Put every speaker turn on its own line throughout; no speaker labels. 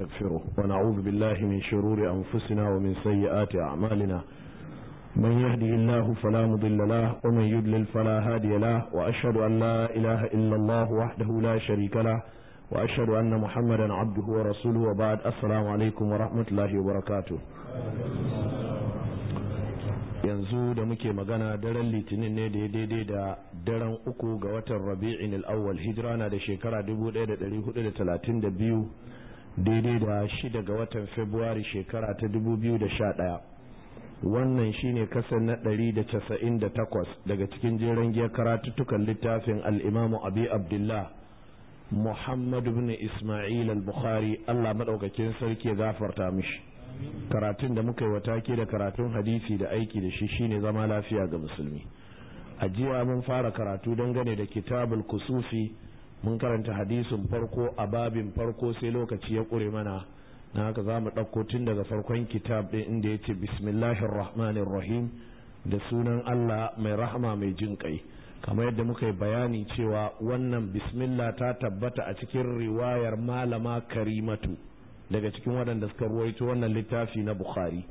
نستغفره ونعوذ بالله من شرور أنفسنا ومن سيئات أعمالنا من يهده الله فلا مضل له ومن يضلل فلا هادي له وأشهد أن لا إله إلا الله وحده لا شريك له وأشهد أن محمدا عبده ورسوله وبعد السلام عليكم ورحمة الله وبركاته yanzu da muke magana daren litinin ne daidai da daren uku ga watan rabi'in al'awwal hijira na da shekara 1432 daidai da shi daga watan februari shekara ta 2011 wannan shine kasar na 198 daga cikin jeren giyar karatuttukan littafin al'imamu abi abdullah muhammadu bin ismail al-bukhari allah maɗaukakin sarki ya gafarta mishi karatun da muka yi watake da karatun hadisi da aiki da shi shine zama lafiya ga musulmi a jiya mun fara karatu dangane da kitabul kususi mun karanta hadisin farko a babin farko sai lokaci ya ƙure mana na haka za mu ɗauko tun daga farkon kitab ɗin inda ya ce bismillahir rahim da sunan allah mai rahama mai jin ƙai kamar yadda muka yi bayani cewa wannan bismillah ta tabbata a cikin riwayar malama karimatu daga cikin waɗanda suka ruwaito wannan littafi na bukhari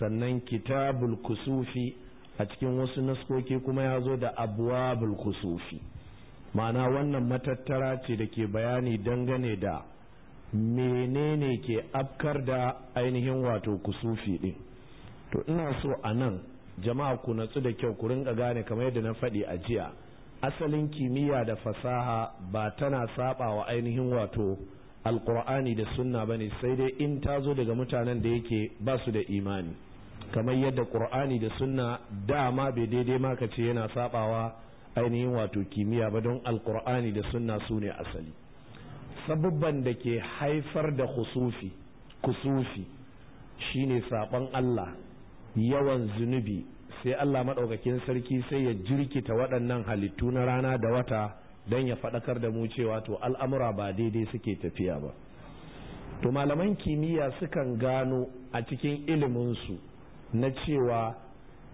sannan kitabul kusufi a cikin wasu naskoki kuma ya zo da abuwabul kusufi ma'ana wannan matattara ce da ke bayani dangane da menene ke afkar da ainihin wato kusufi din to ina so a nan jama'a ku natsu da kyau ku rinka gane kamar yadda na faɗi a jiya asalin kimiyya da fasaha ba tana saba wa ainihin wato alkur'ani da sunna ba ne sai dai in ta zo daga mutanen da yake ba su da imani kamar yadda ƙur'ani da sunna dama bai daidai ma ka ce yana sabawa ainihin wato kimiyya ba don alkur'ani da sunna su ne asali sabubban da ke haifar da kusufi kusufi shine saɓon Allah yawan zunubi sai Allah maɗaukakin sarki sai ya jirkita waɗannan halittu na rana da wata don ya faɗakar da mu cewa to al'amura ba daidai suke tafiya ba to malaman kimiyya sukan gano a cikin iliminsu na cewa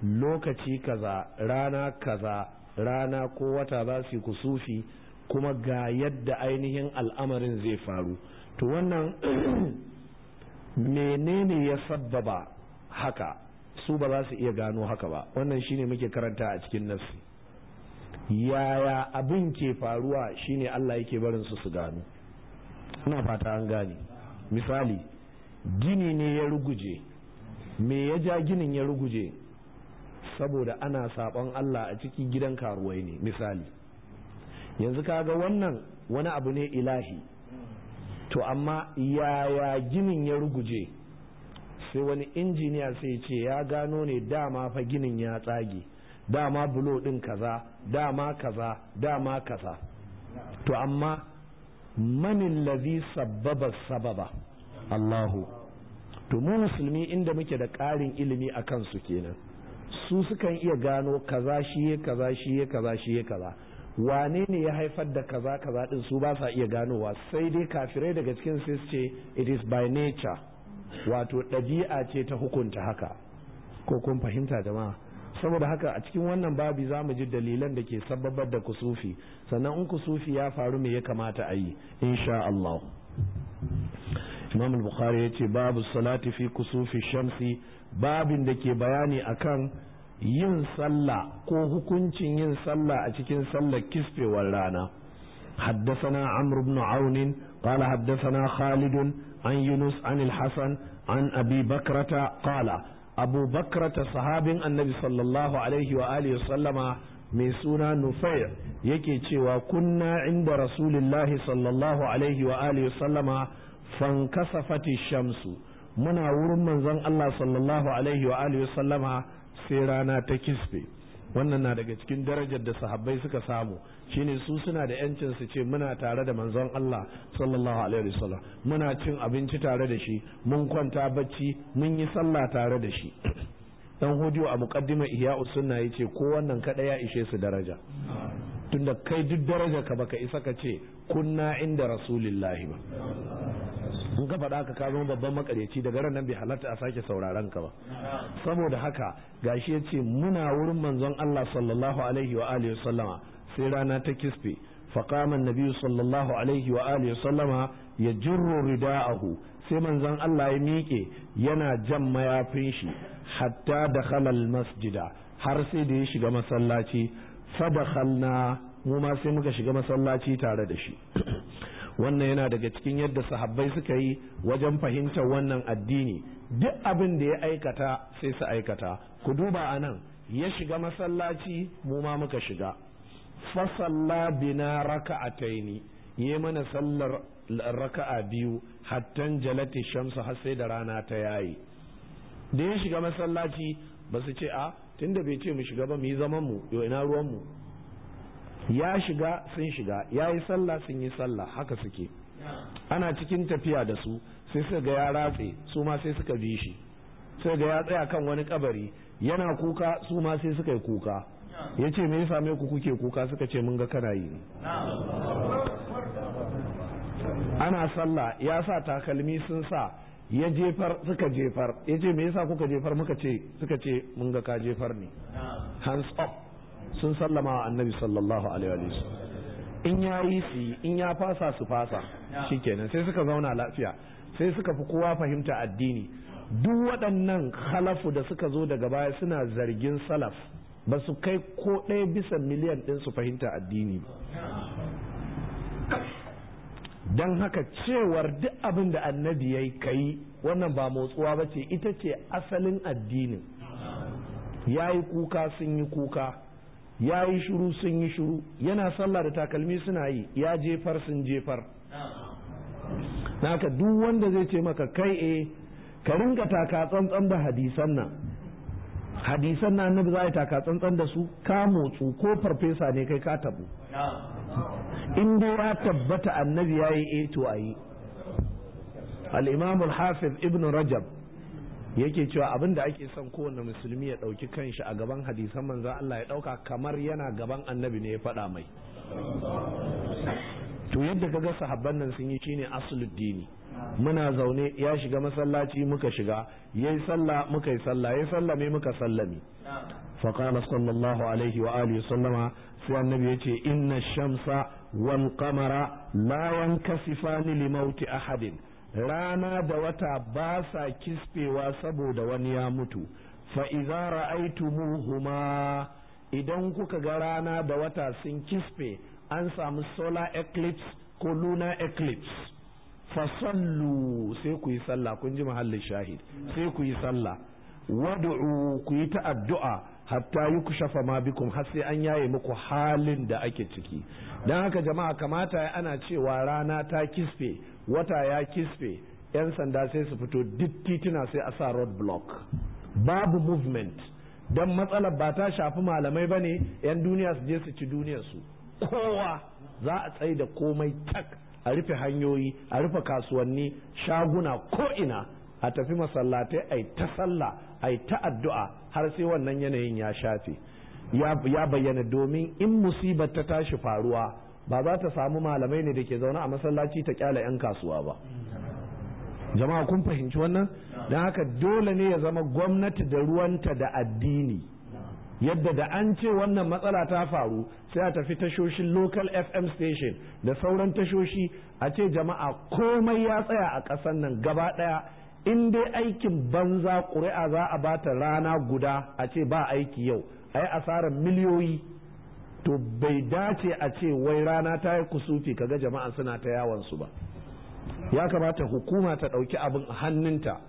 lokaci kaza rana kaza rana ko wata za su yi kusufi kuma ga yadda ainihin al'amarin zai faru to wannan menene ya sabbaba haka su ba za su iya gano haka ba wannan shine muke karanta a cikin nassi yaya abin ke faruwa shine Allah yake barin su su gano ina fata an gane misali gini ne ya ruguje me ya ja ginin ya ruguje saboda ana saɓon Allah a ciki gidan karuwai ne misali yanzu ka ga wannan wani abu ne ilahi to amma yaya ginin ya ruguje sai wani injiniya sai ce ya gano ne dama fa ginin ya tsage dama bulo ɗin kaza dama kaza dama kaza to amma manin lazi sababa sababa Allahu to mu musulmi inda muke da ƙarin ilimi a kansu kenan su sukan iya gano kaza shi ya kaza shi ya kaza shi ya kaza wane ne ya haifar da kaza kaza din su ba sa iya ganowa sai dai kafirai daga cikin su ce it is by nature wato ɗabi'a ce ta hukunta haka ko kun fahimta jama'a saboda haka a cikin wannan babi za mu ji dalilan da ke sababbar da kusufi sannan in kusufi ya faru me ya kamata a yi insha Allah imam al-bukhari yace babu salati fi kusufi shamsi babin da ke bayani akan yin sallah ko hukuncin yin sallah a cikin sallar kisfewar rana حدثنا عمرو بن عون قال حدثنا خالد عن يونس عن الحسن عن أبي بكرة قال أبو بكرة صحاب النبي صلى الله عليه وآله وسلم من سنة نفيع يكي وكنا عند رسول الله صلى الله عليه وآله وسلم fankasafati shamsu muna wurin manzon Allah sallallahu alaihi wa alihi sallama sai rana ta kisbe wannan na daga cikin darajar da sahabbai suka samu shine su suna da yancin su ce muna tare da manzon Allah sallallahu alaihi wa sallam muna cin abinci tare da shi mun kwanta bacci mun yi sallah tare da shi dan hujju a muqaddima iya sunna yace ko wannan kada ya ishe su daraja tunda kai duk daraja ka baka isa ka ce kunna inda rasulillahi ba in ka faɗa ka zama babban maƙaryaci daga ran nan bai halatta a sake sauraron ka ba saboda haka gashi ya ce muna wurin manzon Allah sallallahu alaihi wa alihi sallama sai rana ta kisfe فقام النبي صلى الله wa sallama ya يجر rida'ahu sai manzon Allah ya miƙe yana jan mayafin shi hatta da al masjida har sai da ya shiga masallaci fadakhalna mu ma sai muka shiga masallaci tare da shi wannan yana daga cikin yadda sahabbai suka yi wajen fahimtar wannan addini duk abin da ya aikata sai su aikata ku duba a nan ya shiga masallaci mu ma muka shiga fasalla bina raka'ataini ya mana sallar raka'a biyu hattan jalati shamsu har sai da rana ta yayi da ya shiga masallaci ba su ce a tunda bai ce mu shiga ba mu yi zaman mu yau ina ruwan mu ya shiga sun shiga ya yi sallah sun yi sallah haka suke ana cikin tafiya da su sai suka ga ya ratse su ma sai suka bi shi sai ga ya tsaya kan wani kabari yana kuka su ma sai suka yi kuka ya ce me same ku kuke kuka suka ce mun ga kana yi ana sallah ya sa takalmi sun sa ya jefar suka jefar ya ce me yasa kuka jefar muka ce suka ce mun ga ka jefar ne hands up sun sallama wa annabi sallallahu alaihi wa in ya yi su in ya fasa su fasa shikenan sai suka zauna lafiya sai suka fi kowa fahimta addini duk waɗannan khalafu da suka zo daga baya suna zargin salaf ba su kai ko ɗaya bisa miliyan ɗin su fahimta addini ba don haka cewar duk abin da annabi ya yi ka wannan ba motsuwa ba ce ita ce asalin addinin ya yi kuka sun yi kuka ya yi shuru sun yi shuru yana sallah da takalmi suna yi ya jefar sun jefar naka duk wanda zai ce maka kai e ka ringa taka tsantsan da hadisan nan hadisan nan annabi za a taka tsantsan da su ka motsu ko farfesa ne kai ka tabu in dai ya tabbata annabi ya yi eto eh, to a yi al hafiz ibn rajab yake cewa abin da ake son kowane musulmi ya ɗauki kanshi a gaban hadisan manzan Allah ya ɗauka kamar yana gaban annabi ne ya faɗa mai to yadda gasa habban nan sun yi shine asuluddini muna zaune ya shiga masallaci muka shiga ya yi sallah muka yi sallah yi sallame muka sallami fa sallallahu alaihi wa alihi sallama sai annabi ya ce inna shamsa wal qamara la kasifani li mauti ahadin rana da wata ba sa kispewa saboda wani ya mutu fa idza ra'aytumuhuma idan kuka ga rana da wata sun kispe an samu solar eclipse ko lunar eclipse sallu sai ku yi sallah kun ji mahallin shahid sai ku yi sallah wad'u ku yi ta addu'a hatta yi shafa ma bikum har sai an yaye muku halin da ake ciki don haka jama'a kamata ana cewa rana ta kisfe wata ya kisfe 'yan sanda sai su fito duk tituna sai a sa road block babu movement don matsalar ba ta shafi malamai ba ne 'yan duniya su je su ci duniyar su kowa za a tsaye da komai tak a rufe hanyoyi a rufe kasuwanni shaguna ko ina a tafi masallatai a ta sallah ai ta addu'a har sai wannan yanayin ya shafe ya bayyana domin in musibar ta tashi faruwa ba za ta samu malamai ne da ke zaune a masallaci ta kyala 'yan kasuwa ba jama'a kun fahimci wannan don haka dole ne ya zama gwamnati da ruwanta da addini yadda da an ce wannan matsala ta faru sai a tafi tashoshin local fm station da sauran tashoshi a ce jama'a komai ya tsaya a ƙasan nan gaba ɗaya in dai aikin banza ƙuri'a za a bata rana guda a ce ba aiki yau a yi asarar miliyoyi to bai dace a ce wai rana ta yi kusufi kaga jama'a suna ta yawon su ba ya kamata hukuma ta ɗauki abin hannunta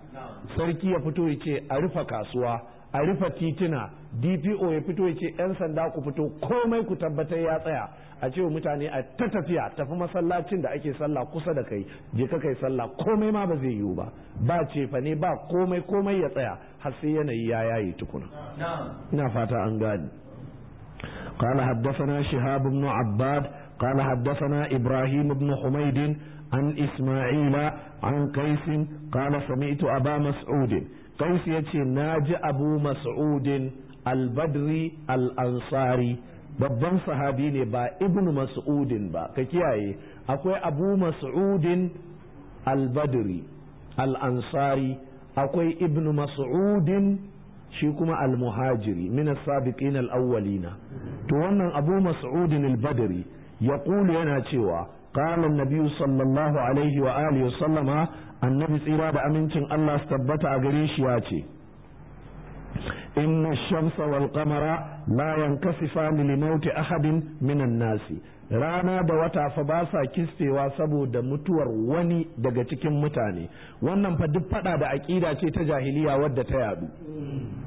sarki ya fito ya ce a rufe kasuwa a rufe titina dpo ya fito ya ce 'yan sanda ku fito komai ku tabbatar ya tsaya a ce mutane a ta tafiya tafi masallacin da ake sallah kusa da kai je ka kai sallah komai ma ba zai yiwu ba ba fa ne ba komai komai ya tsaya har sai yanayi ya yayi tukuna ina fata an gani قال حدثنا شهاب بن عباد قال حدثنا إبراهيم بن حميد عن إسماعيل عن قيس قال سمعت أبا مسعود qais yace ji abu mas'udin al-badri al-ansari babban sahabi ne ba ibn mas'udin ba ka kiyaye akwai abu mas'udin al-badri al-ansari akwai ibn mas'udin shi kuma al-muhajiri min as-sabiqin al to wannan abu mas'udin al-badri yana cewa قال النبي صلى الله عليه وآله وسلم النبي صلى الله عليه وسلم الله استبت أغريش ياتي إن الشمس والقمر لا ينكسفان لموت أحد من الناس rana da wata fa ba sa kistewa saboda mutuwar wani daga cikin mutane wannan fa duk fada da aƙida ce ta jahiliya wadda ta yadu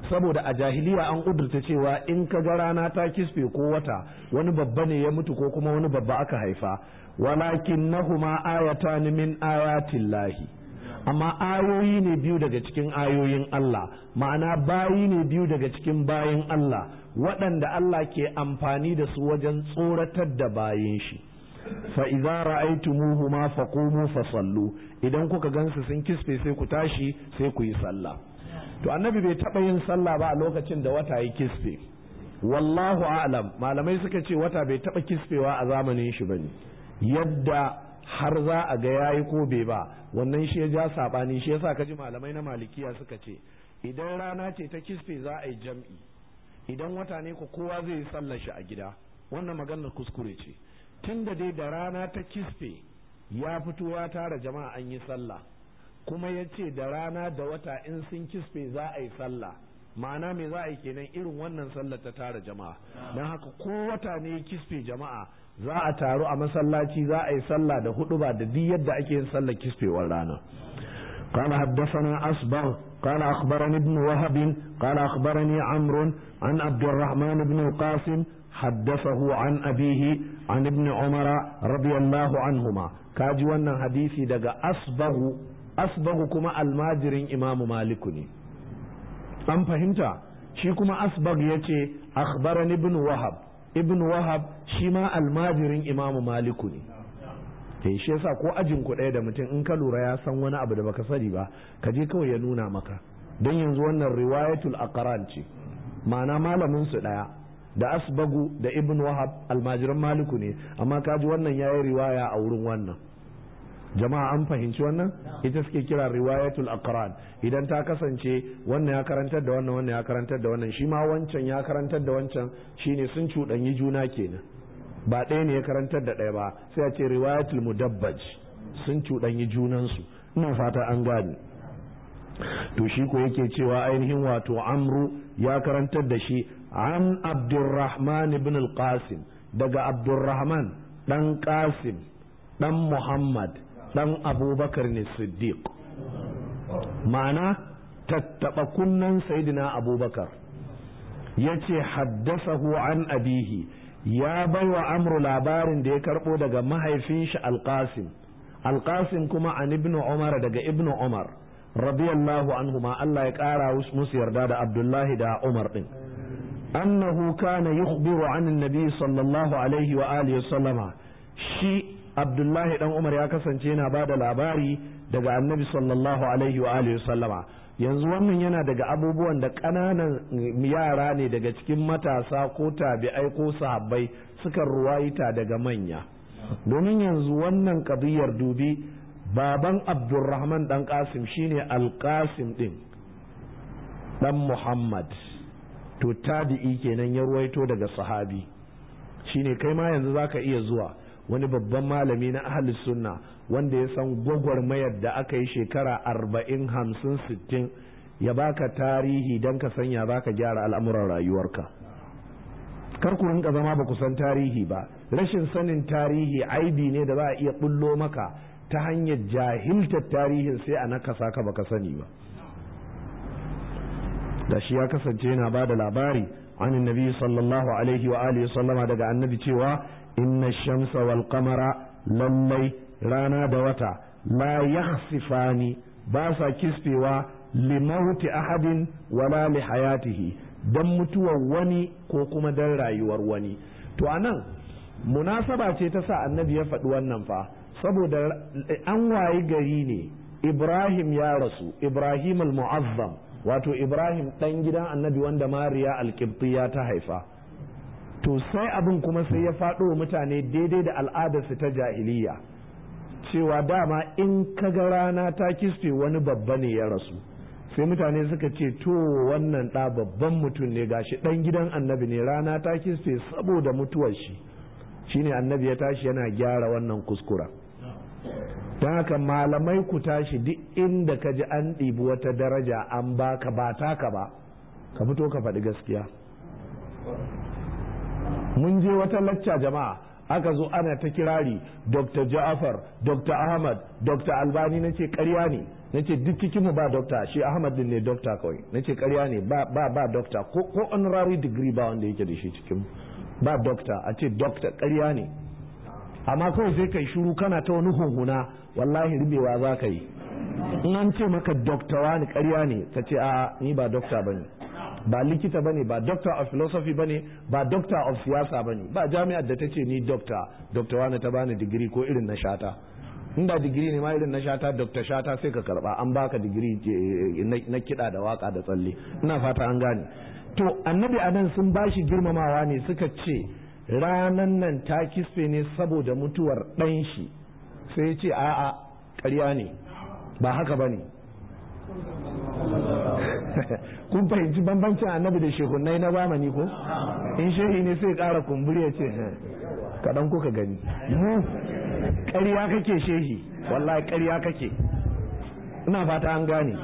saboda a jahiliya an kudurta cewa in ka ga rana ta kisfe ko wata wani babba ne ya mutu ko kuma wani babba aka haifa walakinnahuma ayatan min ayatillahi amma ayoyi ne biyu daga cikin ayoyin Allah ma'ana bayi ne biyu daga cikin bayin Allah waɗanda Allah ke amfani da su wajen tsoratar da bayin shi fa idza ra'aytumuhuma faqumu fasallu idan kuka gansu sun kisfe sai ku tashi sai ku yi sallah to annabi bai taba yin sallah ba a lokacin da wata ya kisfe wallahu a'lam malamai suka ce wata bai taba kisfewa a zamanin shi bane yadda har za a ga ya yi kobe ba wannan shi ya ja sabani shi ya sa kaji malamai na malikiya suka ce idan rana ce ta kisfe za a yi jam'i idan wata ne ko kowa zai yi sallar shi a gida wannan maganar kuskure ce tun da dai da rana ta kisfe ya fito ya tara jama'a an yi sallah kuma ya ce da rana da wata in sun kisfe za a yi sallah ma'ana me za a yi kenan irin wannan sallar ta tara jama'a don haka ko wata ne kisfe jama'a za a taru a masallaci za a yi sallah da hudu ba da duk yadda ake yin sallar kisfe wal rana qala haddathana asbah qala akhbarani ibn wahab qala akhbarani amr an abdurrahman ibn qasim haddathahu an abeehi an ibn umar radiyallahu anhuma ka ji wannan hadisi daga asbah asbah kuma almajirin imam malik ne san fahimta shi kuma asbah yace akhbarani ibn wahab ibn wahab shi ma almajirin imamu maliku ne sai shi yasa ko ajin ku ɗaya da mutum in ka lura ya san wani abu da baka sani ba ka je kawai ya nuna maka don yanzu wannan riwayatul aqran ce ma'ana malamin su ɗaya da asbagu da ibn wahab almajiran maliku ne amma kaji wannan yayi riwaya a wurin wannan jama'a an fahimci wannan ita suke kira riwayatul aqran idan ta kasance wannan ya karantar da wannan wannan ya karantar da wannan shi ma wancan ya karantar da wancan shine sun cuɗanyi juna kenan ba ɗaya ne ya karantar da ɗaya ba sai a ce riwayatul mudabbaj sun cuɗanyi junansu ina fata an gane to shi ko yake cewa ainihin wato amru ya karantar da shi an abdurrahman ibn al-qasim daga abdurrahman dan qasim dan muhammad dan abubakar ne siddiq ma'ana tattaɓa kunnan sayidina abubakar ya ce haddasahu an abihi ya bai wa amru labarin da ya karɓo daga mahaifin shi alkasim alkasim kuma an ibnu umar daga ibnu umar radiyallahu anhu ma Allah ya ƙara musu yarda da abdullahi da umar ɗin annahu kana yukhbiru an nabi sallallahu alaihi wa alihi sallama shi abdullahi dan umar ya kasance yana ba da labari daga annabi sallallahu alaihi wa alihi sallama yanzu wannan yana daga abubuwan da ƙananan yara ne daga cikin matasa ko tabi'ai ko sahabbai suka ruwaita daga manya domin yanzu wannan kabiyar dubi baban abdurrahman dan kasim shine alkasim din dan muhammad to tabi'i kenan ya ruwaito daga sahabi shine kai ma yanzu zaka iya zuwa wani babban malami na ahlus sunna wanda ya san mayar da aka yi shekara arba'in hamsin sittin ya baka tarihi don ka sanya za ka gyara al'amuran rayuwarka kar ku rinka zama ba ku san tarihi ba rashin sanin tarihi aibi ne da ba a iya bullo maka ta hanyar jahiltar tarihin sai a nakasa ka baka sani ba da shi ya kasance yana ba da labari an nabi sallallahu alaihi wa alihi sallama daga annabi cewa inna shamsa wal qamara lallai rana da wata la yakhsifani ba sa kispewa li ahadin wala li hayatihi dan mutuwar wani ko kuma dan rayuwar wani to anan munasaba ce ta sa annabi ya faɗi wannan fa saboda an wayi gari ne ibrahim ya rasu ibrahim al-mu'azzam wato ibrahim ɗan gidan annabi wanda mariya al ta haifa to sai abin kuma sai ya faɗo wa mutane daidai da al'adarsu ta jahiliya cewa dama in kaga rana ta kiste wani babba ne ya rasu sai mutane suka ce to wannan ɗa babban mutum ne Ga shi ɗan gidan annabi ne rana ta kiste saboda mutuwar shi shine annabi ya tashi yana gyara wannan kuskura don haka malamai ku tashi duk inda ka ji an ɗibi wata daraja an baka ba taka ba ka fito ka faɗi gaskiya mun je wata lacca jama'a aka zo ana ta kirari dr ja'afar dr ahmad dr albani na ce karya ne na ce duk cikinmu ba dokta shi ahmad din ne dokta kawai na ce karya ne ba ba dokta ko honorary degree ba wanda yake da shi cikin ba dokta a ce dokta karya ne amma kawai sai kai shiru kana ta wani hunhuna wallahi ribewa za ka yi in an ce maka dokta wani karya ne ka ce a ni ba dokta ba ne ba likita bane ba doctor of philosophy bane ba doctor of siyasa bane ba jami'ar da ta ce ni doctor doctor wani ta bani digiri ko irin na shata in digiri ne ma irin na shata doctor shata sai ka karba an baka digiri eh, na kiɗa da waka da tsalle ina fata an gane to annabi anan sun bashi girmamawa ne suka ce ranan nan ta kisfe ne saboda mutuwar ɗan shi sai ya ce a'a ƙarya ne ba haka ba ne kun fahimci bambancin annabi da shekunai na zamani ko in shehi ne sai ƙara kumburi ya ce kaɗan kuka gani ƙarya kake shehi wallahi ƙarya kake ina fata an gane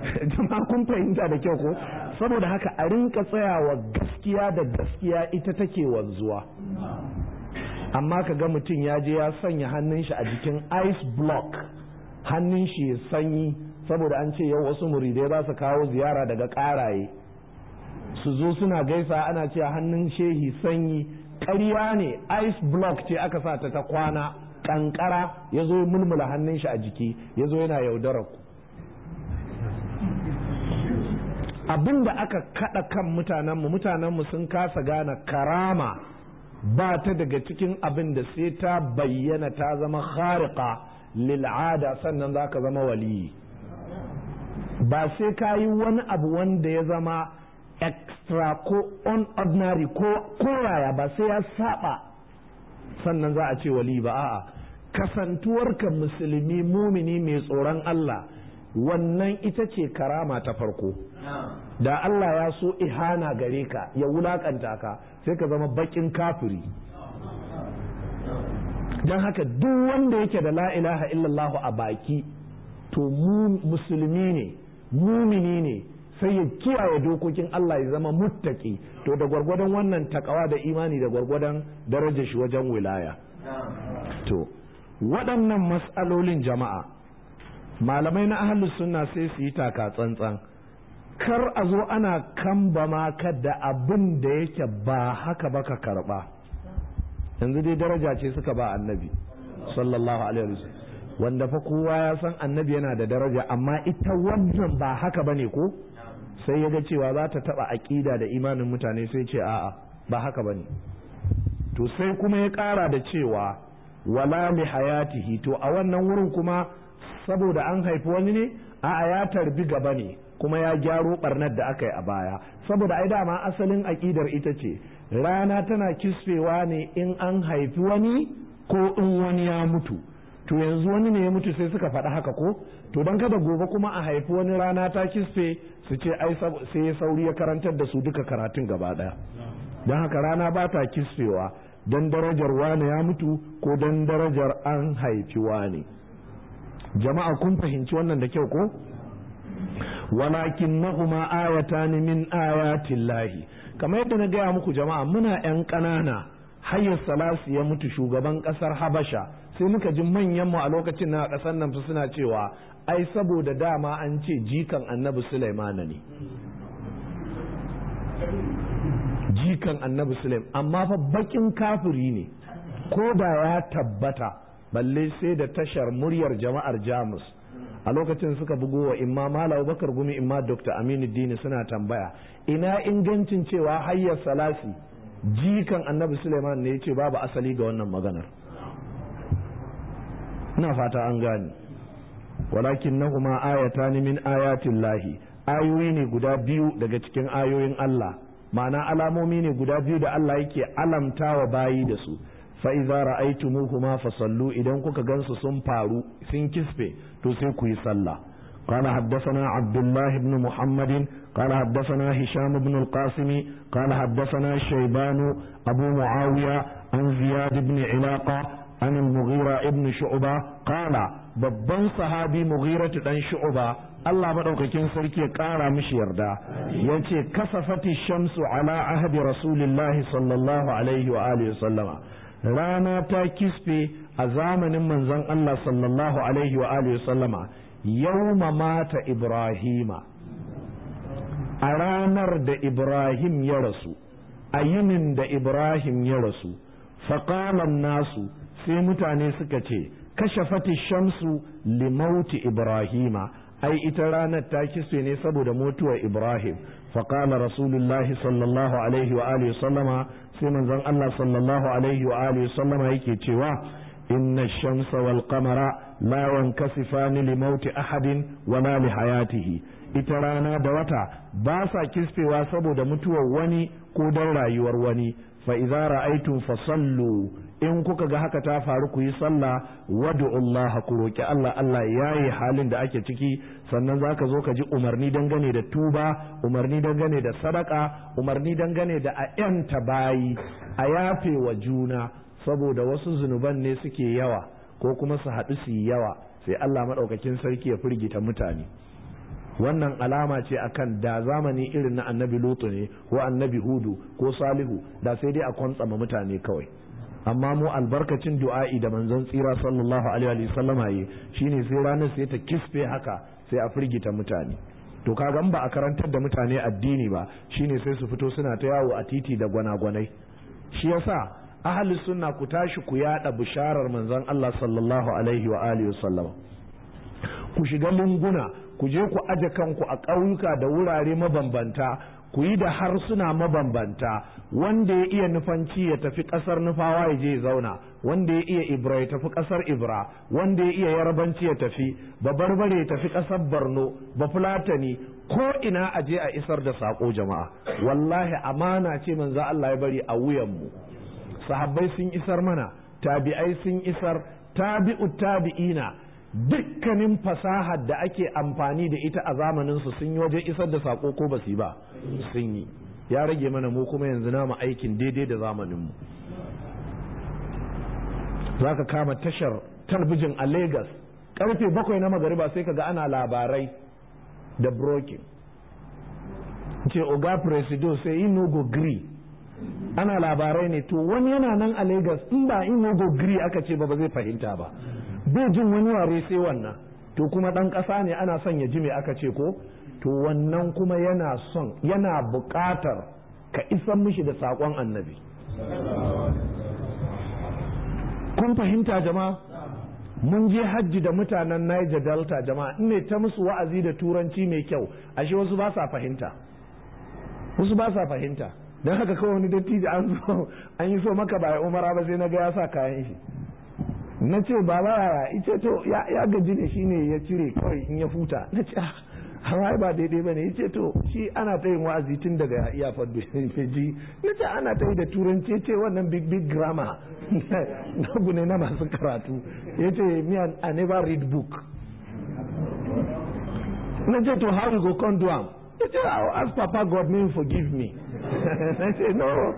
jama kun fahimta da kyau ko saboda haka a rinka tsayawa gaskiya da gaskiya ita take wanzuwa amma ka ga mutum ya je ya sanya hannun shi a jikin ice block hannun shi sanyi saboda an ce yau wasu muridai ba su kawo ziyara daga karaye su zo suna gaisa ana cewa hannun shehi sanyi ƙarya ne ice block ce aka sa ta ta kwana ƙanƙara ya zo mulmula hannun shi a jiki ya zo yana yaudarar ku abin da aka kaɗa kan mutanenmu mutanenmu sun kasa gane karama ba ta daga cikin abin da sai ta bayyana ta zama khariqa lil'ada sannan za ka zama waliyi ba sai ka yi wani abu wanda ya zama extra ko on ordinary ko koraya ba sai ya saba sannan za a ce wali ba a'a ka musulmi mumini mai tsoron Allah wannan ita ce karama ta farko da Allah ya so ihana gare ka ya wulakanta ka sai ka zama bakin kafiri don haka duk wanda yake da la ilaha illallah a baki to mu musulmi ne mumini ne sai ya kiyaye dokokin Allah ya zama muttaki to da gwargwadon wannan takawa da imani da gwargwadon darajar shi wajen wilaya to waɗannan matsalolin jama'a malamai na ahlus sunna sai su yi taka tsantsan kar a zo ana kambama kada da abin da yake ba haka ba ka karba yanzu dai daraja ce suka ba annabi sallallahu alaihi wasallam wanda fa kowa ya san annabi yana da daraja amma ita wannan ba haka bane ko sai ya ga cewa za ta taba aƙida da imanin mutane sai ce a'a ba haka bane to sai kuma ya ƙara da cewa wala li hayatihi to a wannan wurin kuma saboda an haifi wani ne a'a ya tarbi gaba ne kuma ya gyaro barnar da aka yi a baya saboda ai dama asalin aƙidar ita ce rana tana kisfewa ne in an haifi wani ko in wani ya mutu to yanzu wani ne ya mutu sai suka faɗi haka ko to don kada gobe kuma a haifi wani rana ta kiste su ce ai sai ya sauri ya karantar da su duka karatun gaba ɗaya don haka rana ba ta kistewa don darajar wane ya mutu ko don darajar an haifi wane jama'a kun fahimci wannan da kyau ko walakin nahuma ayatani min ayatillahi kamar yadda na gaya muku jama'a muna 'yan ƙanana hayyar salasu ya mutu shugaban ƙasar habasha sai muka ji manyan mu a lokacin na ƙasar nan su suna cewa ai saboda dama an ce jikan annabi Sulaiman ne jikan annabi Sulaiman amma fa bakin kafiri ne ko da ya tabbata balle sai da tashar muryar jama'ar jamus a lokacin suka bugo wa imma mala bakar gumi imma dr aminu dini suna tambaya ina ingancin cewa hayyar salasi jikan annabi suleiman ne ya ce babu asali ga wannan maganar ina fata an gani walakin na kuma ayata ni min ayatin lahi ayoyi ne guda biyu daga cikin ayoyin Allah ma'ana alamomi ne guda biyu da Allah yake alamtawa bayi da su fa'iza ra'aitumu huma fasallu idan kuka gansu sun faru sun kisfe to sai ku yi sallah قال حدثنا عبد الله بن محمد قال حدثنا هشام بن القاسم قال حدثنا شيبان أبو معاوية عن زياد بن علاقة عن المغيرة Ibnu شعبة قال babban sahabi mughiratu dan shu'ba Allah madaukakin sarki ya ƙara mishi yarda Ya yace kasafati shamsu ala ahdi rasulillahi sallallahu alaihi wa alihi sallama rana ta kisfe a zamanin manzon Allah sallallahu alaihi wa sallama yawma mata ibrahima a ranar da ibrahim ya rasu a yinin da ibrahim ya rasu faqala nasu sai mutane suka ce kashe fati shamsu limauti ibrahima ai ita ranar ta kiswe ne saboda mutuwar ibrahim faƙala rasulullahi sallallahu alaihi wa alihi sallama sai manzon allah sallallahu alaihi wa alihi sallama yake cewa inna shamsa wal qamara la wankasifani limauti ahadin wala li hayatihi ita rana da wata ba sa kisfewa saboda mutuwar wani ko don rayuwar wani fa idza ra'aytum fasallu in kuka ga haka ta faru ku yi sallah Allah ku roki Allah Allah ya yi halin da ake ciki sannan za ka zo ka ji umarni dangane da tuba umarni dangane da sadaka umarni dangane da a yanta bayi a yafe wa juna saboda wasu zunuban ne suke yawa ko kuma su haɗu su yi yawa sai Allah maɗaukakin sarki ya firgita mutane wannan alama ce akan da zamani irin na annabi lutu ne ko annabi hudu ko salihu da sai dai a kwantsama mutane kawai amma mu albarkacin du'a'i da manzon tsira sallallahu alaihi wa sallama yi shine sai ranar sai ta kisfe haka sai a firgita mutane to kaga ba a karantar da mutane addini ba shine sai su fito suna ta yawo a titi da gwanagwanai shi yasa ahli sunna ku tashi ku yada bisharar manzon Allah sallallahu alaihi wa alihi wa sallama ku shiga lunguna ku je ku aje kanku a ƙauyuka da wurare mabambanta ku yi da harsuna mabambanta wanda ya iya nufanci ya tafi ƙasar nufawa ya je zauna wanda ya iya ibra ya tafi ƙasar ibra wanda ya iya yarabanci ya tafi babarbare ya tafi ƙasar borno bafulatani ko ina a je a isar da saƙo jama'a wallahi amana ce za Allah ya bari a wuyanmu sahabbai sun isar mana tabi'ai sun isar tabi'u tabi'ina dukkanin fasahar da ake amfani da ita a zamanin su sun yi wajen isar da sako ko ba su ba sun yi ya rage mana mu kuma yanzu namu aikin daidai da zamanin mu za ka kama tashar talbijin a Legas karfe bakwai na magariba sai ka ga ana labarai da brokin ce oga presido sai inogo gri ana labarai ne to wani yana nan a Legas in ba inogo gri aka ce ba ba zai fahimta ba bai jin wani ware sai wannan to kuma ɗan ƙasa ne ana son ya ji me aka ce ko to wannan kuma yana son yana buƙatar ka isa mishi da saƙon annabi kun fahimta jama'a mun je hajji da mutanen Niger Delta jama'a ne ta musu wa'azi da turanci mai kyau ashe wasu ba sa fahimta wasu ba sa fahimta don haka kawai wani dattijo an zo an yi so maka baya umara ba sai na ga ya sa kayan shi na ce baba yaya ice to ya gaji ne shine ya cire kawai in ya huta na ce hawaye ah, ba daidai ba ne ya ce to shi ana ta yin wa'azi tun daga ya faɗi ji na ana ta yi da turanci ce wannan big big grammar na gune na masu karatu ya me me i never read book na to how you go come do am ya ce ask papa God may forgive me na ce no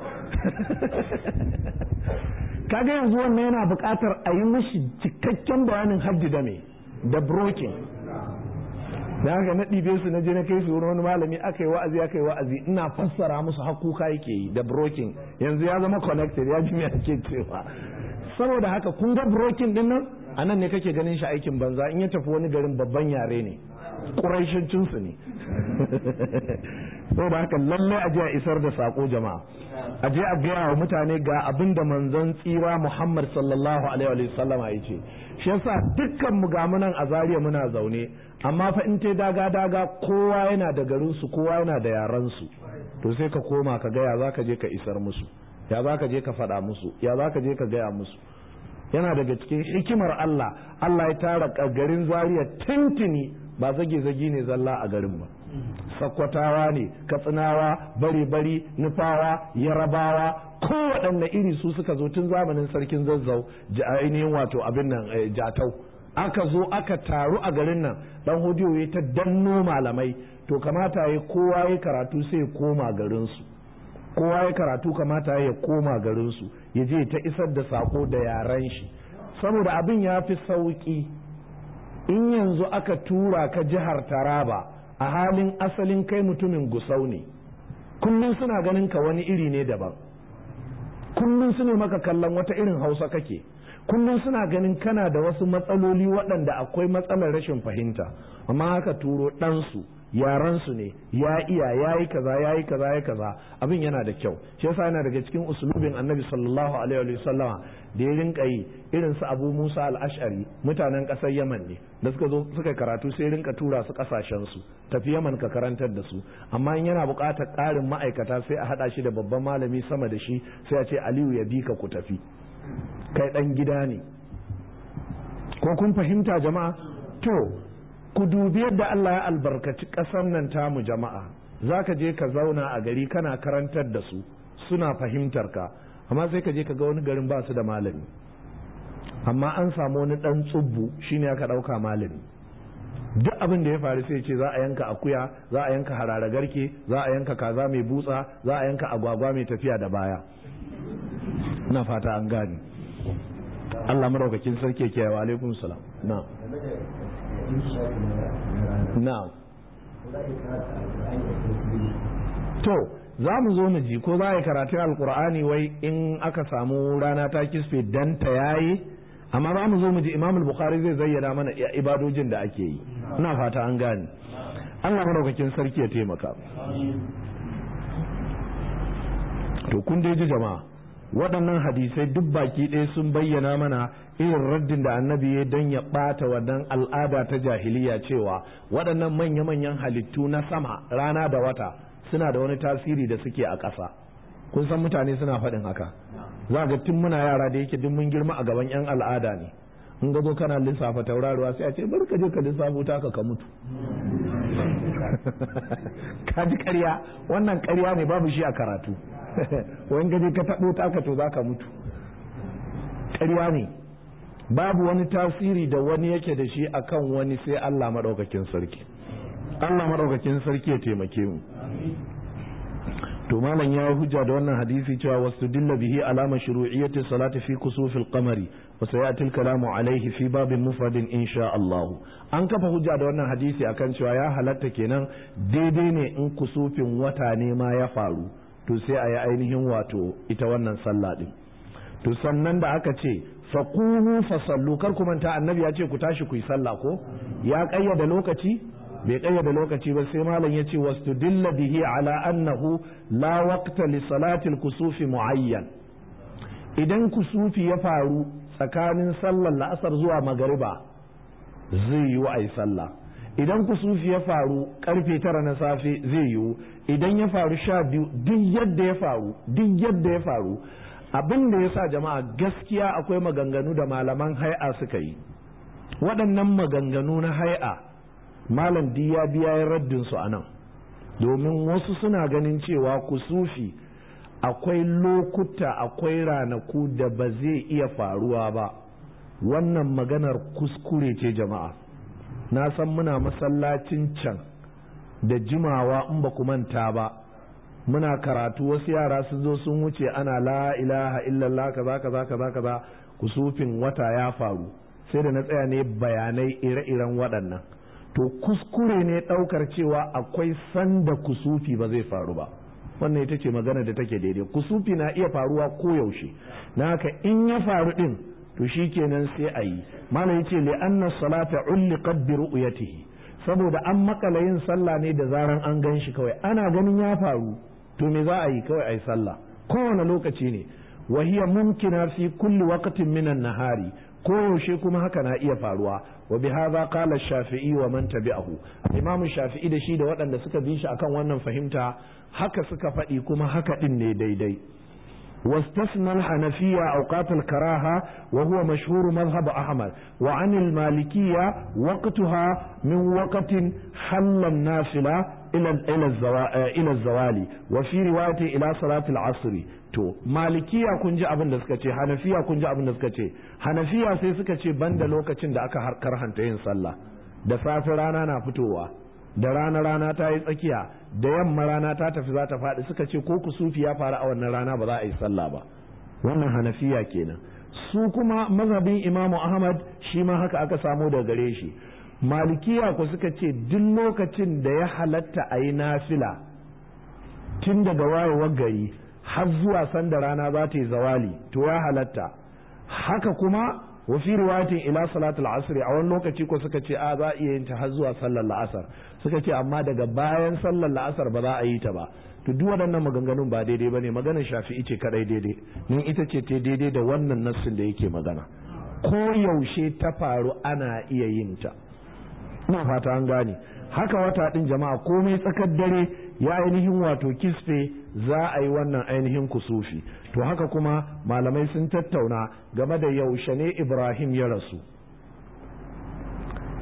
kaga yanzu wannan yana buƙatar a yi mishi cikakken bayanin haddi da me da broken da haka na ɗibe su na je na kai su wani malami aka yi wa'azi aka yi wa'azi ina fassara musu hakuka yake yi da burokin. yanzu ya zama connected ya ji me ake cewa saboda haka kun ga broken din nan a nan ne kake ganin shi aikin banza in ya tafi wani garin babban yare ne ƙuraishin ne ba haka lalle a je a isar da sako jama'a a je a gaya wa mutane ga abin da manzon tsira Muhammad sallallahu alaihi wa sallama ya ce shi yasa dukkan mu ga a zariya muna zaune amma fa in ta daga daga kowa yana da garin su kowa yana da yaran su to sai ka koma ka gaya zaka je ka isar musu ya zaka je ka faɗa musu ya zaka je ka gaya musu yana daga cikin hikimar Allah Allah ya tara garin zariya tintini ba zage zage ne zalla a garin ba sakkwatawa ne katsinawa bare-bari nufawa yarabawa waɗanne iri su suka zo tun zamanin sarkin zazzau ainihin wato abin nan eh, jatau aka zo aka taru a garin nan dan hodiyo ya ta danno malamai to kamata ya kowa ya karatu sai ya koma garinsu kowa ya karatu kamata ya koma garinsu ya je ta isar da sako da yaren shi saboda abin ya fi sauki in yanzu aka tura ka jihar taraba a halin asalin kai mutumin gusau ne kullum suna ganin ka wani iri ne daban kullum su maka kallon wata irin hausa kake kullum suna ganin kana da wasu matsaloli waɗanda akwai matsalar rashin fahimta amma haka turo ɗansu su ne ya iya ya kaza yayi kaza ya kaza abin yana da kyau shi yasa yana daga cikin usulubin annabi sallallahu alaihi wa sallam. da ya rinka yi irin su abu musa al-ash'ari mutanen kasar yaman ne da suka zo suka karatu sai rinka tura su kasashen su tafi yaman ka karantar da su amma in yana buƙatar ƙarin ma'aikata sai a haɗa shi da babban malami sama da shi sai a ce aliyu ya bi ka ku tafi kai ɗan gida ne ko kun fahimta jama'a to ku dubi yadda Allah ya albarkaci ƙasar nan tamu jama'a za ka je ka zauna a gari kana karantar da su suna fahimtar ka amma sai ka je ka ga wani garin ba su da malami amma an samu wani ɗan tsubbu shine aka ɗauka malami duk abin da ya faru sai ce za a yanka akuya za a yanka harara garke za a yanka kaza mai butsa za a yanka agwagwa mai tafiya da baya ina fata an gane Allah maraukakin sarki kiyaye wa alaikum salam na to za mu zo mu ji ko za a yi karatu alkur'ani wai in aka samu rana ta kisfe dan ta yayi amma za mu zo mu ji imam bukhari zai zayyana mana ibadojin da ake yi ina fata an gane Allah madaukakin sarki ya taimaka to kun ji jama'a waɗannan hadisai duk baki ɗaya sun bayyana mana irin raddin da annabi ya don ya ɓata wannan al'ada ta jahiliya cewa waɗannan manya-manyan halittu na sama rana da wata suna da wani tasiri da suke a ƙasa kun san mutane suna faɗin haka za ga tun muna yara da yake duk mun girma a gaban 'yan al'ada ne in ga kana lissafa tauraruwa sai a ce bari ka je ka lissafo ta ka ka mutu ka ji ƙarya wannan ƙarya ne babu shi a karatu wani gaje ka taɓo ta ka to za ka mutu ƙarya ne babu wani tasiri da wani yake da shi akan wani sai Allah maɗaukakin sarki Allah maɗaukakin sarki ya taimake mu to malam ya hujja da wannan hadisi cewa wasu dilla bihi alama shuru'iyyati salati fi kusufil qamari wa sayati kalamu alaihi fi babin mufradin insha Allah an kafa hujja da wannan hadisi akan cewa ya halatta kenan daidai ne in kusufin wata ne ma ya faru to sai a yi ainihin wato ita wannan sallah din to sannan da aka ce faqumu fasallu kar ku manta annabi ya ce ku tashi ku yi sallah ko ya kayyada lokaci bai kayyada lokaci ba sai malam yace wastudilla bihi ala annahu la waqta li salati al-kusufi muayyan idan kusufi ya faru tsakanin sallar la'asar zuwa magariba zai yi wa sallah idan kusufi ya faru karfe tara na safe zai yiwu idan ya faru sha biyu duk yadda ya faru duk yadda ya faru abin da ya sa jama'a gaskiya akwai maganganu da malaman hai'a suka yi waɗannan maganganu na hai'a malam diya biya ya raddin su a nan domin wasu suna ganin cewa ku sufi akwai lokuta akwai ranaku da ba zai iya faruwa ba wannan maganar kuskure ce jama'a na san muna masallacin can da jimawa in ba ku manta ba muna karatu wasu yara sun zo sun wuce ana la ilaha illallah kaza kaza kaza kaza kusufin wata ya faru sai da na tsaya ne bayanai ire-iren waɗannan to kuskure ne ɗaukar cewa akwai sanda kusufi ba zai faru ba wannan ita ce magana da take daidai kusufi na iya faruwa koyaushe na haka in ya faru ɗin to shi kenan sai a yi malam ya ce na salata ulli bi ru'yatihi saboda an makala yin sallah ne da zaran an gan shi kawai ana ganin ya faru to me za a yi kawai a yi sallah kowane lokaci ne wahiya mumkina fi kulli waqtin minan nahari koyaushe kuma haka na iya faruwa wa bi hadha qala shafi'i wa man tabi'ahu imam shafi'i da shi da waɗanda suka bi shi akan wannan fahimta haka suka faɗi kuma haka din ne daidai واستثنى الحنفية أوقات الكراهة وهو مشهور مذهب أحمد وعن المالكية وقتها من وقت حل النافلة ila zawali wa fi ila salatil asiri to malikiya kun ji abin da suka ce hanafiya kun ji abin da suka ce hanafiya sai suka ce banda lokacin da aka karhanta yin sallah da safe rana na fitowa da rana rana ta yi tsakiya da yamma rana ta tafi za ta faɗi suka ce ko sufi ya fara a wannan rana ba za a yi sallah ba wannan hanafiya kenan su kuma mazhabin imamu ahmad shi ma haka aka samo daga gare shi malikiya ku suka ce duk lokacin da ya halatta a yi nafila tun daga wayewar gari har zuwa sanda rana za ta yi zawali to ya halatta haka kuma wafi riwayatin ila salatul asr a wani lokaci ko suka ce a za a iya yin ta har zuwa sallar la'asar suka ce amma daga bayan sallar la'asar ba za a yi ta ba to duk waɗannan maganganun ba daidai bane maganar shafi ce kadai daidai ni ita ce ta daidai da wannan nassin da yake magana ko yaushe ta faru ana iya yin ta ina fata an gane haka wata din jama'a komai tsakar dare ya ainihin wato kisfe za a yi wannan ainihin kusufi to haka kuma malamai sun tattauna game da yaushe ne ibrahim ya rasu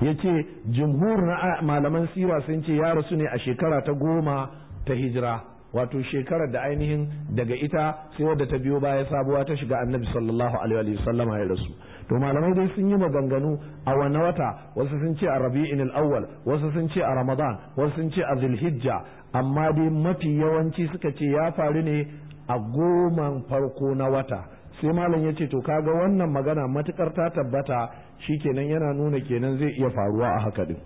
ya ce jimhur na malaman sira sun ce ya rasu ne a shekara ta goma ta hijira wato shekarar da ainihin daga ita sai wadda ta biyo baya sabuwa ta shiga annabi sallallahu alaihi sallama ya rasu to malamai dai sun yi maganganu a wani wata wasu sun ce a rabi'in al-awwal wasu sun ce a ramadan wasu sun ce a zulhijja amma dai mafi yawanci suka ce ya faru ne a goman farko na wata sai malam ya ce to kaga wannan magana matukar ta tabbata shikenan yana nuna kenan zai iya faruwa a haka din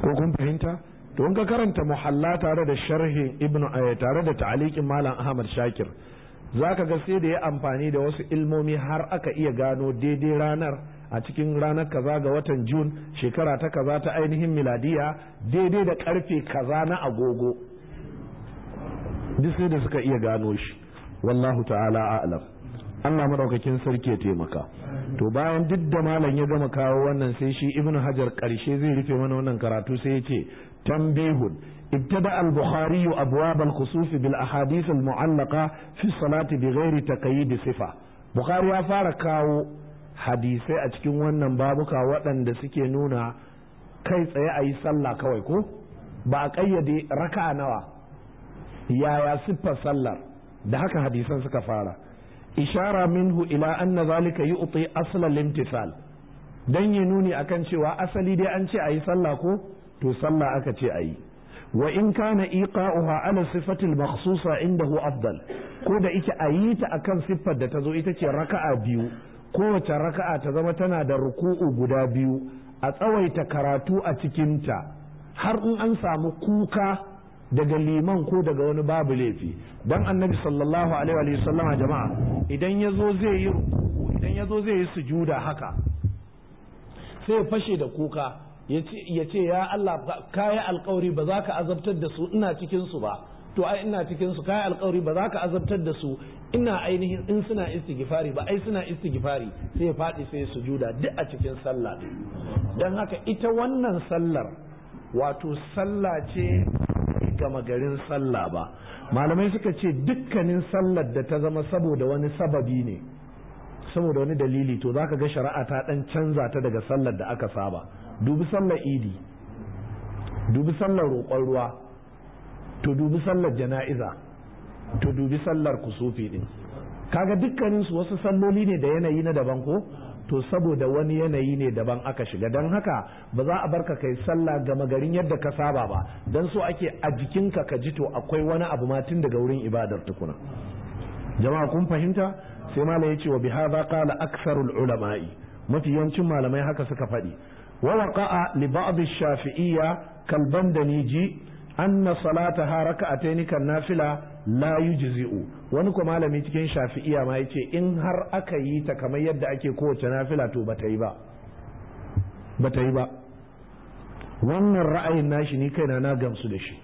ko kun fahimta to ka karanta muhalla tare da sharhin ibnu eh, tare da ta'alikin malam ahmad shakir zaka ga sai da ya amfani da wasu ilmomi har aka iya gano daidai ranar a cikin ranar kaza ga watan jun shekara ta kaza ta ainihin miladiya daidai da karfe kaza na agogo duk sai da suka iya gano shi wallahu ta'ala a'lam Allah madaukakin sarki ya taimaka to bayan duk da malam ya gama kawo wannan sai shi ibnu hajar karshe zai rufe mana wannan karatu sai ya ce تنبيه ابتدأ البخاري أبواب الخصوص بالأحاديث المعلقة في الصلاة بغير تقييد صفة بخاري فاركاو hadisai a cikin wannan babuka waɗanda suke nuna kai tsaye a yi sallah kawai ko ba a ƙayyade raka nawa yaya siffar sallar da haka hadisan suka fara ishara minhu ila anna yi yu'ti asla limtisal dan ya nuni akan cewa asali dai an ce a yi sallah ko to sallah aka ce ayi wa in kana iqa'uha ala sifatil makhsusa indahu afdal ko da ike ayi ta akan siffar da ta zo ita ce raka'a biyu kowace raka'a ta zama tana da ruku'u guda biyu a tsawaita karatu a cikinta har in an samu kuka daga liman ko daga wani babu laifi dan annabi sallallahu alaihi wa sallama jama'a idan yazo zai yi ruku'u idan yazo zai yi sujuda haka sai ya fashe da kuka ya ce ya Allah ka yi alkawari ba za ka azabtar da su ina cikin ba to ai ina cikin su yi alkawari ba za ka azabtar da su ina ainihin in suna istighfari ba ai suna istighfari sai ya faɗi sai sujuda duk a cikin sallah don haka ita wannan sallar wato sallah ce gama garin sallah ba malamai suka ce dukkanin sallar da ta zama saboda wani sababi ne saboda wani dalili to zaka ga shari'a ta dan canza ta daga sallar da aka saba dubi sallar idi dubi sallar roƙon ruwa to dubi sallar jana'iza to dubi sallar kusufi din kaga dukkanin su wasu salloli ne da yanayi na daban ko to saboda wani yanayi ne daban aka shiga don haka ba za a barka kai sallah gama garin yadda ka saba ba don so ake a jikinka ka ji to akwai wani abu ma daga wurin ibadar tukuna jama'a kun fahimta sai malam ya ce wa bihadha qala aktharul ulama'i mafi yawancin malamai haka suka faɗi wa waqa'a li ba'd ash-shafi'iyya kal bandaniji anna salataha raka'atayn nafila la yujzi'u wani ko malami cikin shafi'iyya ma yace in har aka yi ta kamar yadda ake kowace nafila to bata yi ba bata yi ba wannan ra'ayin nashi ni kaina na gamsu da shi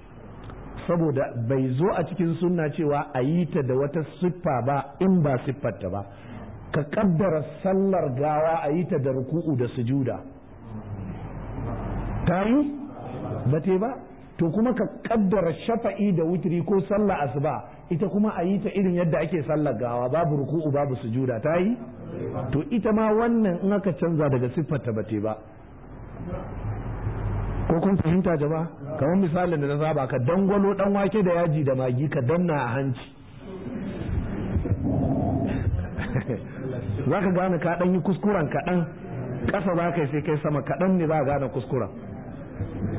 saboda bai zo a cikin sunna cewa a yi ta da wata siffa ba in ba siffarta ba ka kaddara sallar gawa a yi ta da ruku'u da sujuda ta yi ba te ba to kuma ka kaddara shafa'i da wutiri ko sallah asuba ita kuma a yi ta irin yadda ake sallar gawa babu ruku'u babu sujuda ta yi to ita ma wannan in aka canza daga siffarta ba te ba ko kun fahimta jama'a kamar misalin da na saba ka dangwalo dan wake da yaji da magi ka danna a hanci za ka gane ka dan yi kuskuren kaɗan ƙasa za ka sai kai sama kaɗan ne za gane kuskuren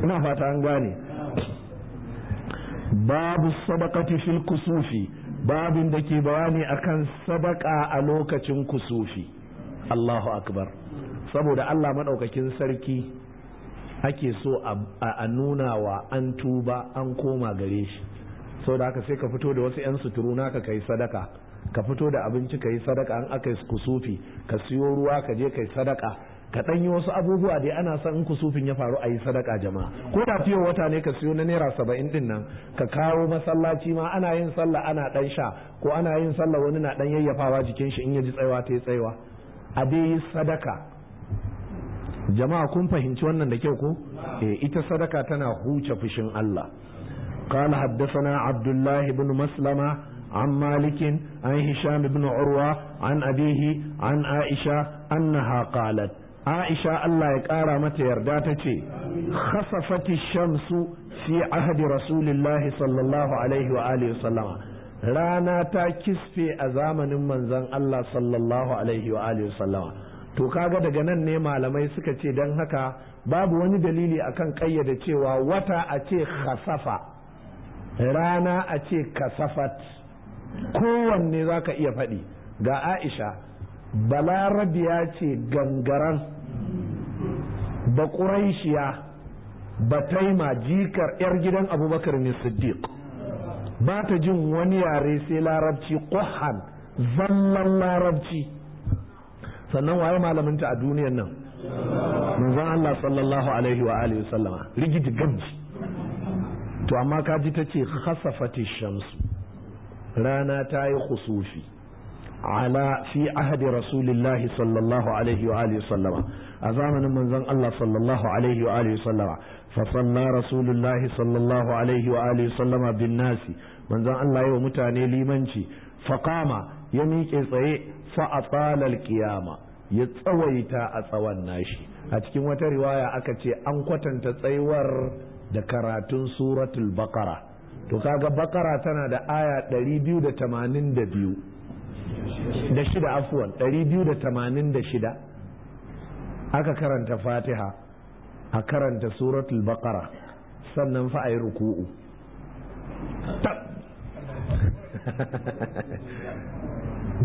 ina fata an gane babu sabakati fil kusufi babin da ke bayani akan sabaka a lokacin kusufi Allahu akbar saboda Allah maɗaukakin sarki ake so a nuna wa an tuba an koma gare shi saboda haka sai ka fito da wasu 'yan suturu naka kai sadaka ka fito da abinci ka yi sadaka an aka kusufi ka siyo ruwa ka je ka sadaka ka ɗan yi wasu abubuwa dai ana son in kusufin ya faru a yi sadaka jama'a ko da fiye wata ne ka siyo na naira saba'in din nan ka kawo masallaci ma ana yin sallah ana ɗan sha ko ana yin sallah wani na ɗan yayyafawa jikin shi in ya ji tsayawa ta yi tsayawa a dai yi sadaka jama'a kun fahimci wannan da kyau ko eh ita sadaka tana huce fushin Allah قال حدثنا عبد الله بن مسلمة عن مالك عن هشام بن عروة عن أبيه عن عائشة أنها قالت aisha Allah ya ƙara mata yarda ta ce khasafati shamsu fi ahadi rasulillahi sallallahu alaihi wa alihi sallama rana ta kisfe a zamanin manzon Allah sallallahu alaihi wa alihi sallama to kaga daga nan ne malamai suka ce don haka babu wani dalili akan kayyade cewa wata a ce khasafa rana a ce kasafat kowanne za ka iya faɗi ga aisha balarabiya ce gangaran ba ƙuraishiya ba taima jikar 'yar gidan abubakar ne siddiq ba ta jin wani yare sai larabci ƙuhan zallan larabci sannan waye malaminta a duniyan nan manzon Allah sallallahu alaihi wa alihi sallama rigid gamji to amma kaji ta ce khasafati shamsu rana ta yi khusufi ala fi ahdi rasulillahi sallallahu alaihi wa alihi sallama a zamanin manzon Allah sallallahu alaihi wa alihi sallama fa salla rasulullahi sallallahu alaihi wa sallama bin nasi manzon Allah yayin mutane limanci fa ya miƙe tsaye fa atala alqiyama ya tsawaita a tsawon nashi a cikin wata riwaya aka ce an kwatanta tsayuwar da karatun suratul Bakara. to kaga Bakara tana da aya ɗari da da biyu. da shida afuwan ɗari biyu da tamanin da shida aka karanta fatiha a karanta suratul baqara sannan fa a yi ruku'u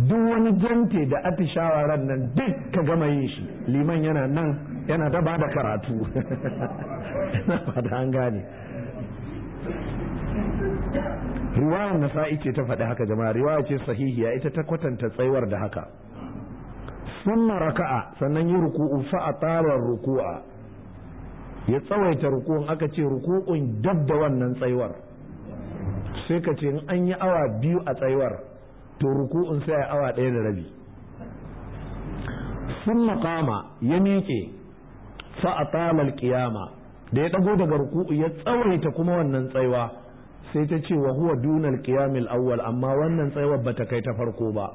duk wani jante da ati shawarar nan duk ka gama yin shi liman yana nan yana ta ba da karatu na fata an gane riwayar nasa'i ce ta faɗi haka jama'a riwaya ce sahihiya ita ta kwatanta tsayuwar da haka Sun maraka'a sannan yi ruku'u fa atarar ruku'a ya tsawaita ruku'un aka ce ruku'un dab da wannan tsayuwar sai ka ce in an yi awa biyu a tsayuwar to ruku'un sai a awa ɗaya da rabi Sun makama ya miƙe fa atalar ƙiyama da ya ɗago daga ruku'u ya tsawaita kuma wannan tsayuwa sai ta ce wa huwa dunal qiyamil awwal amma wannan tsayawar bata kai ta farko ba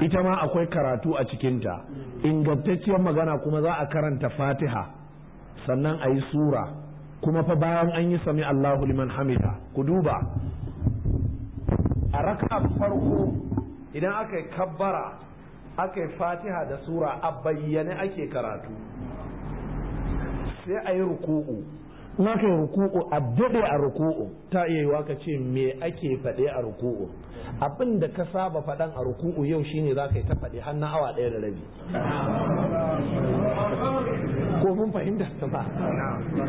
ita ma akwai karatu a cikinta ingantacciyar magana kuma za a karanta fatiha sannan a yi sura kuma fa bayan an yi sami allahu liman hamida ku duba a raka farko idan aka yi kabbara aka yi fatiha da sura a bayyane ake karatu sai a yi ruku'u na kai ruku'u a daɗe a ruku'u ta iya yiwa ka ce me ake faɗe a ruku'u abin da ka saba faɗan a ruku'u yau shine za ka yi ta faɗe har na awa ɗaya da rabi ko mun fahimta ta ba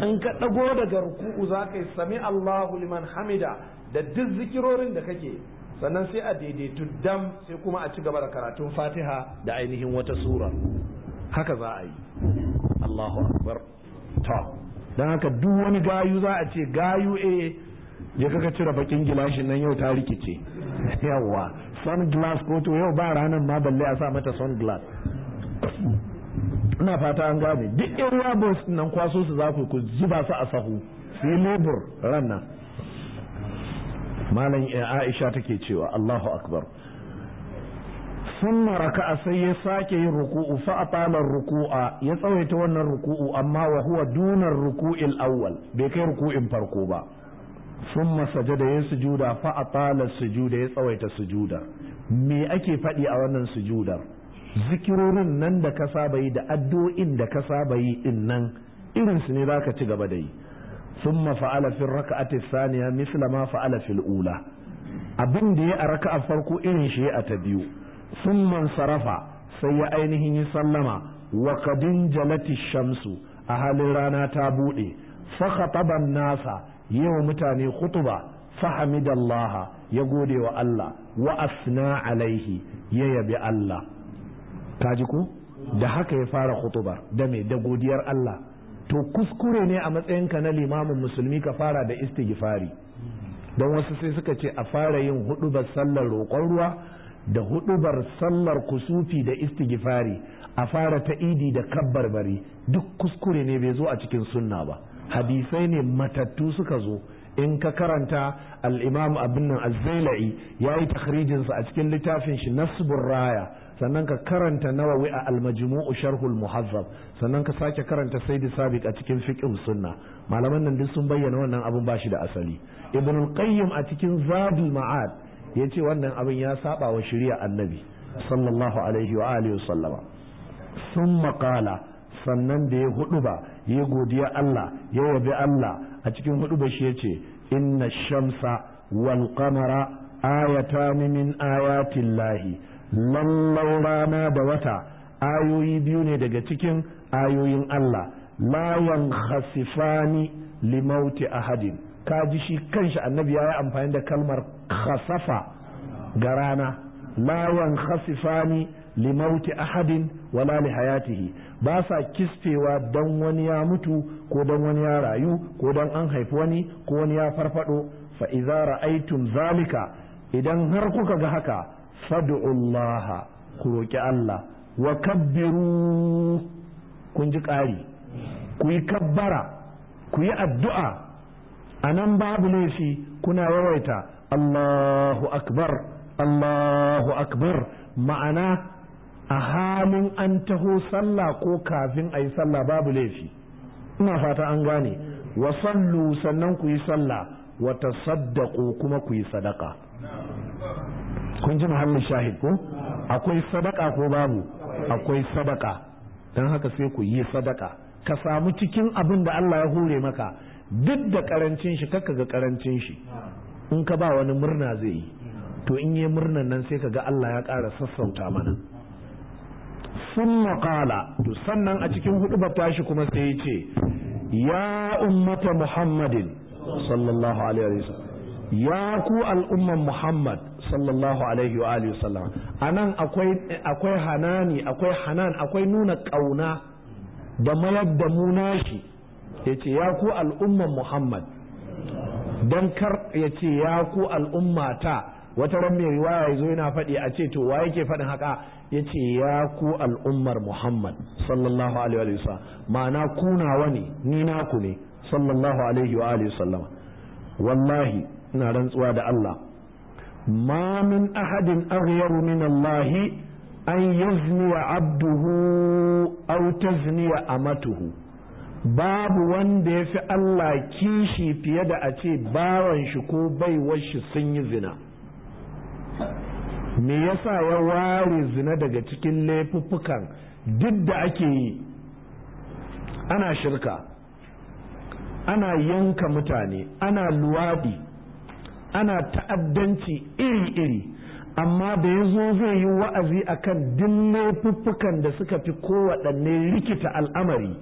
in ka ɗago daga ruku'u za ka yi sami Allahu liman hamida da duk zikirorin da kake sannan sai a daidaitu dam sai kuma a ci gaba da karatun fatiha da ainihin wata sura haka za a yi Allahu akbar ta don haka duk wani gayu za a ce gayu e eh, ya kaka cire bakin gilashin nan yau ta rikice yawa sunglass ko to yau ba ranar ma balle a sa mata sunglass ina fata an gane duk yan ruwa nan kwaso su za ku zuba su a sahu su yi lebur ranar malam eh, aisha take cewa allahu akbar sun raka'a sai ya sake yin ruku'u fa atalar ruku'a ya tsawaita wannan ruku'u amma wa huwa dunar ruku'il awwal bai kai ruku'in farko ba sun sajada ya sujuda fa atalar sujuda ya tsawaita sujuda me ake faɗi a wannan sujudar zikirorin nan da ka saba yi da addu'o'in da ka saba yi din nan irin su ne zaka ci gaba da yi ثم فعل في الركعة الثانية مثل ما فعل في ula. abin da ya a raka'a farko irin shi a ta biyu sun sarafa sai ya ainihin yi sallama wa kadin jalati shamsu a halin rana ta buɗe fa khataban nasa yawa mutane khutuba fa hamidallaha ya gode wa Allah wa asna alaihi ya yabi Allah ka ji ko da haka ya fara khutubar da mai da godiyar Allah to kuskure ne a matsayinka na limamin musulmi ka fara da istighfari don wasu sai suka ce a fara yin hudu sallar roƙon ruwa da hudubar sallar kusufi da istighfari a fara ta idi da kabbar bari duk kuskure ne bai zo a cikin sunna ba hadisai ne matattu suka zo in ka karanta al-imam abin nan al-zailai ya yi sa a cikin littafin shi nasbur raya sannan ka karanta nawawi a al-majmu'u sharhul muhazzab sannan ka sake karanta sayyid sabiq a cikin fiqh sunna malaman nan duk sun bayyana wannan abun bashi da asali ibn al-qayyim a cikin zadul ma'ad ya ce wannan abin ya saba wa shari'a annabi sallallahu alaihi wa alihi sallama sun maƙala sannan da ya hudu ba ya godiya Allah ya yabi Allah a cikin hudu ba shi ya ce inna shamsa wal qamara ayatan min lallan rana da wata ayoyi biyu ne daga cikin ayoyin Allah la yankhasifani limauti ahadin ka ji shi kanshi annabi ya yi amfani da kalmar khasafa ga rana lawan khasifani limauti ahadin wala li hayatihi ba sa kisfewa dan wani ya mutu ko dan wani ya rayu ko don an haifi wani ko wani ya farfado fa idza ra'aytum zalika idan har kuka ga haka fad'ullaha ku roki Allah wa kabbiru kun ji ƙari ku yi kabbara ku yi addu'a a nan babu laifi kuna yawaita Allahu akbar Allahu akbar ma'ana a halin an taho sallah ko kafin a yi sallah babu laifi ina fata an gane wa sallu sannan ku yi sallah wa tasaddaqu kuma ku yi sadaka kun ji muhallin shahid ko akwai sadaka ko babu akwai sadaka don haka sai ku yi sadaka ka samu cikin abin da Allah ya hure maka duk da karancin shi kakka ga karancin shi in ka ba wani murna zai yi to in yi murnan nan sai ka ga Allah ya ƙara sassauta mana sun maƙala to sannan a cikin hudubar tashi kuma sai ya ce ya ummata muhammadin sallallahu alaihi wa sallam ya ku al'umman muhammad sallallahu alaihi wa sallam a nan akwai hanani akwai hanan akwai nuna ƙauna da mayar da munashi yace ya ku al'umman Muhammad dan kar yace ya ku al'ummata wata ran mai riwaya yazo yana faɗi a ce to wa yake faɗin haka yace ya ku al'ummar Muhammad sallallahu alaihi wa sallam ma'ana kunawa ne ni naku ne sallallahu alaihi wa alihi sallama wallahi ina rantsuwa da Allah ma min ahadin aghyaru min Allah an yazni abduhu aw tazni amatuhu babu wanda ya fi Allah kishi fiye da a ce bawan shi ko bai shi sun yi zina me yasa ya ware zina daga cikin laifuffukan duk da ake yi ana shirka ana yanka mutane ana luwadi, ana ta'addanci iri-iri amma da ya zo zai yi wa'azi akan kan laifuffukan da suka fi kowaɗanne rikita al'amari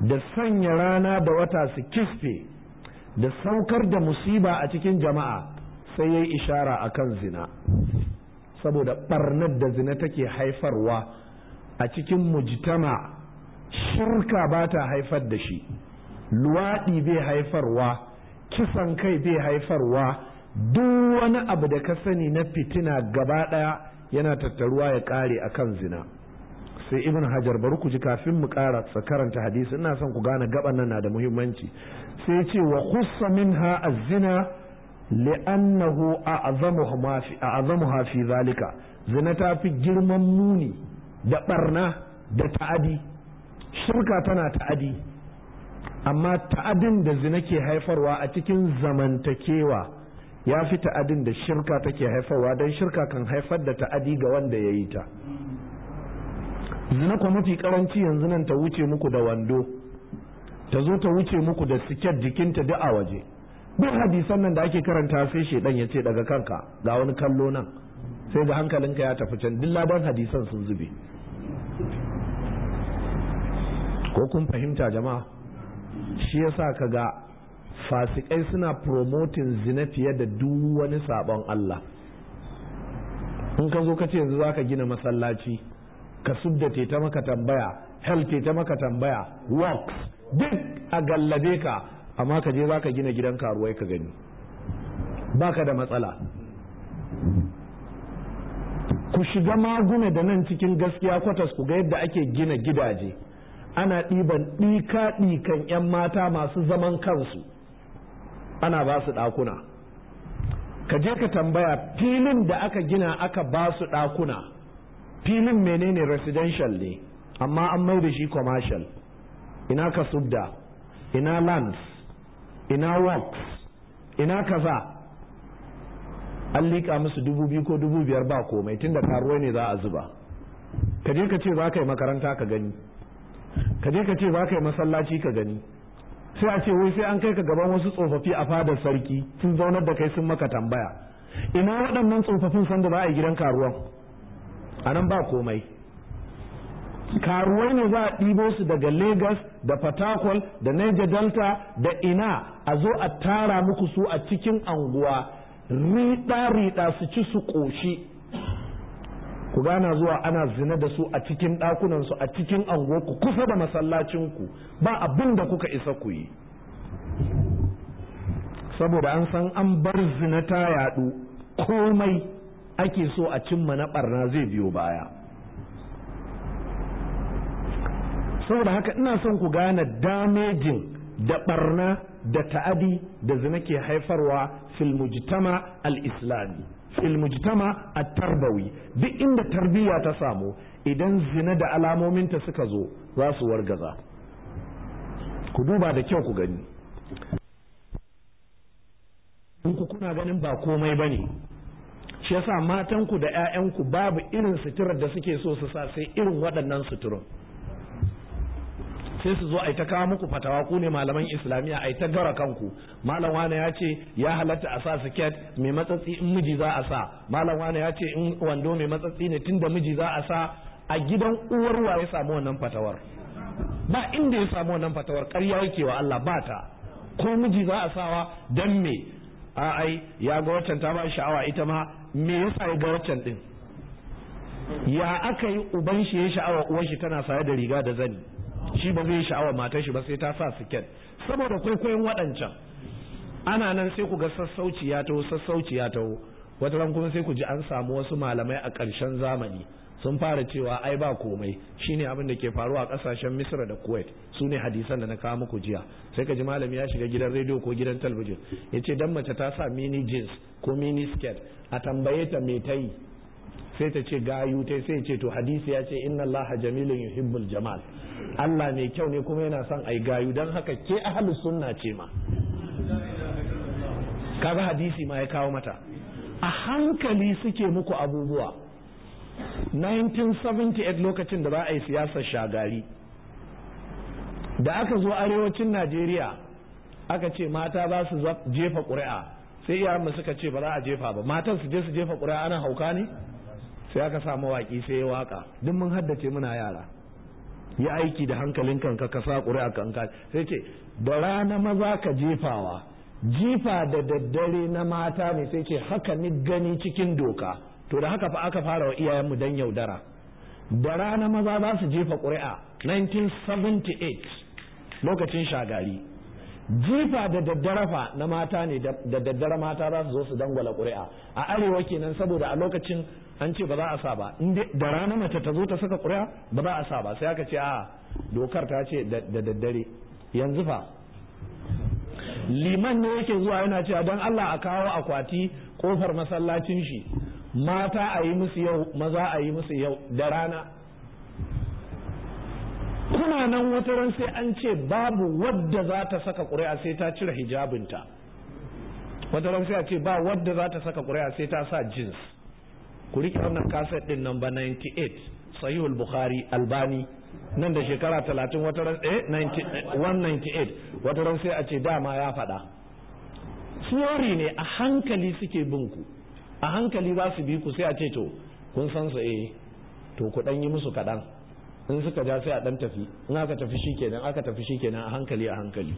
da sanya rana da wata su kisfe da saukar da musiba a cikin jama'a sai ya yi ishara a kan zina saboda ɓarnar da zina take haifarwa a cikin mujtama shirka ba ta haifar da shi luwaɗi bai haifarwa kisan kai bai haifarwa duk wani abu da ka sani na fitina gaba ɗaya yana tattaruwa ya ƙare a kan zina sai ibn hajar bari ku ji kafin mu kara karanta hadisi ina son ku gane gaban nan na da muhimmanci sai ce wa khussa minha az-zina li'annahu a'zamu ma fi a'zamu fi zalika zina ta fi girman muni da barna da ta'adi shirka tana ta'adi amma ta'adin da zina ke haifarwa a cikin zamantakewa ya fi ta'adin da shirka take haifarwa don shirka kan haifar da ta'adi ga wanda ya yi ta zina ku mafi karanci yanzu nan ta wuce muku da wando ta zo ta wuce muku da siket jikinta duk a waje bin hadisan nan da ake karanta sai shedan ya ce daga kanka ga wani kallo nan sai ga hankalinka ya tafi can duk ban hadisan sun zube ko kun fahimta jama'a shi yasa ka ga fasikai suna promoting zina fiye da duk wani sabon Allah in kan zo ka ce yanzu zaka gina masallaci kasudda te ta maka tambaya hel te ta maka tambaya works duk a gallabe ka amma ka je za ka gina gidan karuwai ka gani baka da matsala ku shiga maguna da nan cikin gaskiya kwatas ku ga yadda ake gina gidaje ana ɗiban ɗika-ɗikan 'yan mata masu zaman kansu ana ba su ɗakuna ka je ka tambaya filin da aka gina aka ba su ɗakuna filin menene residential ne amma an mai da shi commercial ina kasubda ina lands ina works ina kaza an liƙa musu dubu biyu ko dubu biyar ba komai tunda karuwa ne za a zuba ka je ka ce za ka yi makaranta ka gani ka je ka ce za ka yi masallaci ka gani sai a ce wai sai an kai ka gaban wasu tsofaffi a fadar sarki sun zaunar da kai sun maka tambaya ina waɗannan tsofaffin sanda za a yi gidan karuwan anan ba komai karuwai ne za a ɗibo su daga Legas da Fatakwal da Niger Delta da ina a zo a tara muku su a cikin anguwa riɗa-riɗa su ci su ƙoshi ku gana zuwa ana zina da su a cikin ɗakunansu a cikin ku kusa da masallacinku ba abin da kuka isa ku yi saboda an san an bar zina ta yaɗu komai ake so a cimma na barna zai biyo baya saboda haka ina son ku gane damejin da barna da ta'adi da zina ke haifarwa fil mujtama al-islami fil mujtama tarbawi duk inda tarbiyya ta samu idan zina da alamominta suka zo za su wargaza ku duba da kyau ku gani in ku kuna ganin ba komai bane shi yasa matanku da 'ya'yanku babu irin suturar da suke so su sa sai irin waɗannan suturun sai su zo a ta kawo muku fatawa ku ne malaman islamiyya a ta gara kanku malam Wani ya ce ya halatta a sa siket mai matsatsi in miji za a sa malam Wani ya ce in wando mai matsatsi ne tunda miji za a sa a gidan uwar wa ya samu wannan fatawar ba inda ya samu wannan fatawar ƙarya yake wa Allah ba ta ko miji za a sawa dan me a ai ya ga waccan ta ba sha'awa ita ma me yasa ya ga waccan din ya aka yi uban shi ya sha'awa uwar shi tana saye da riga da zani shi ba zai sha'awa matar shi ba sai ta sa siket saboda kwaikwayon waɗancan ana nan sai ku ga sassauci ya taho sassauci ya taho wata ran kuma sai ku ji an samu wasu malamai a ƙarshen zamani sun fara cewa ai ba komai shine abin da ke faruwa a kasashen Misra da Kuwait su ne hadisan da na kawo muku jiya sai ka ji malami ya shiga gidan rediyo ko gidan talabijin ya ce dan mace ta sa mini jeans ko mini skirt a tambaye ta me ta yi sai ta ce gayu ta sai ce to hadisi ya ce inna Allah jamilun yuhibbul jamal Allah mai kyau ne kuma yana son ai gayu dan haka ke ahlus sunna ce ma kaga hadisi ma ya kawo mata a hankali suke muku abubuwa 1978 lokacin da za a yi siyasar shagari da aka zo arewacin najeriya aka ce mata ba su jefa ƙuri'a sai iyayenmu suka ce ba za a jefa ba matan su je su jefa ƙuri'a ana hauka ne sai aka sa mawaƙi sai ya waka duk mun haddace muna yara yi aiki da hankalin kanka ka sa ƙuri'a kanka sai ce da rana maza ka jefawa jifa da daddare na mata ne sai ce haka ni gani cikin doka to da haka fa aka fara wa iyayenmu dan yaudara da rana maza za su jefa ƙuri'a 1978 lokacin shagari jefa da daddare fa na mata ne da daddare mata za su zo su dangwala ƙuri'a a arewa kenan saboda a lokacin an ce ba za a sa ba da rana mace ta zo ta saka ƙuri'a ba za a sa ba sai aka ce a dokar ta ce da daddare yanzu fa liman ne yake zuwa yana cewa don Allah a kawo akwati kofar masallacin shi mata a yi musu yau maza a yi musu yau da rana kuna nan wata ran sai an ce babu wadda za ta saka ƙuri'a sai ta cire hijabinta wata ran sai a ce ba wadda za ta saka ƙuri'a sai ta sa jins ku riƙe wannan kaset nan ba 98 sahihul bukhari albani nan da shekara 30 wata ran eh 198 eh, wata ran sai a ce dama ya faɗa theory ne a hankali suke bin ku a hankali za su bi ku sai a ce to kun san su eh to ku dan yi musu kaɗan in suka ja sai a dan tafi in aka tafi shikenan aka tafi shikenan a hankali a hankali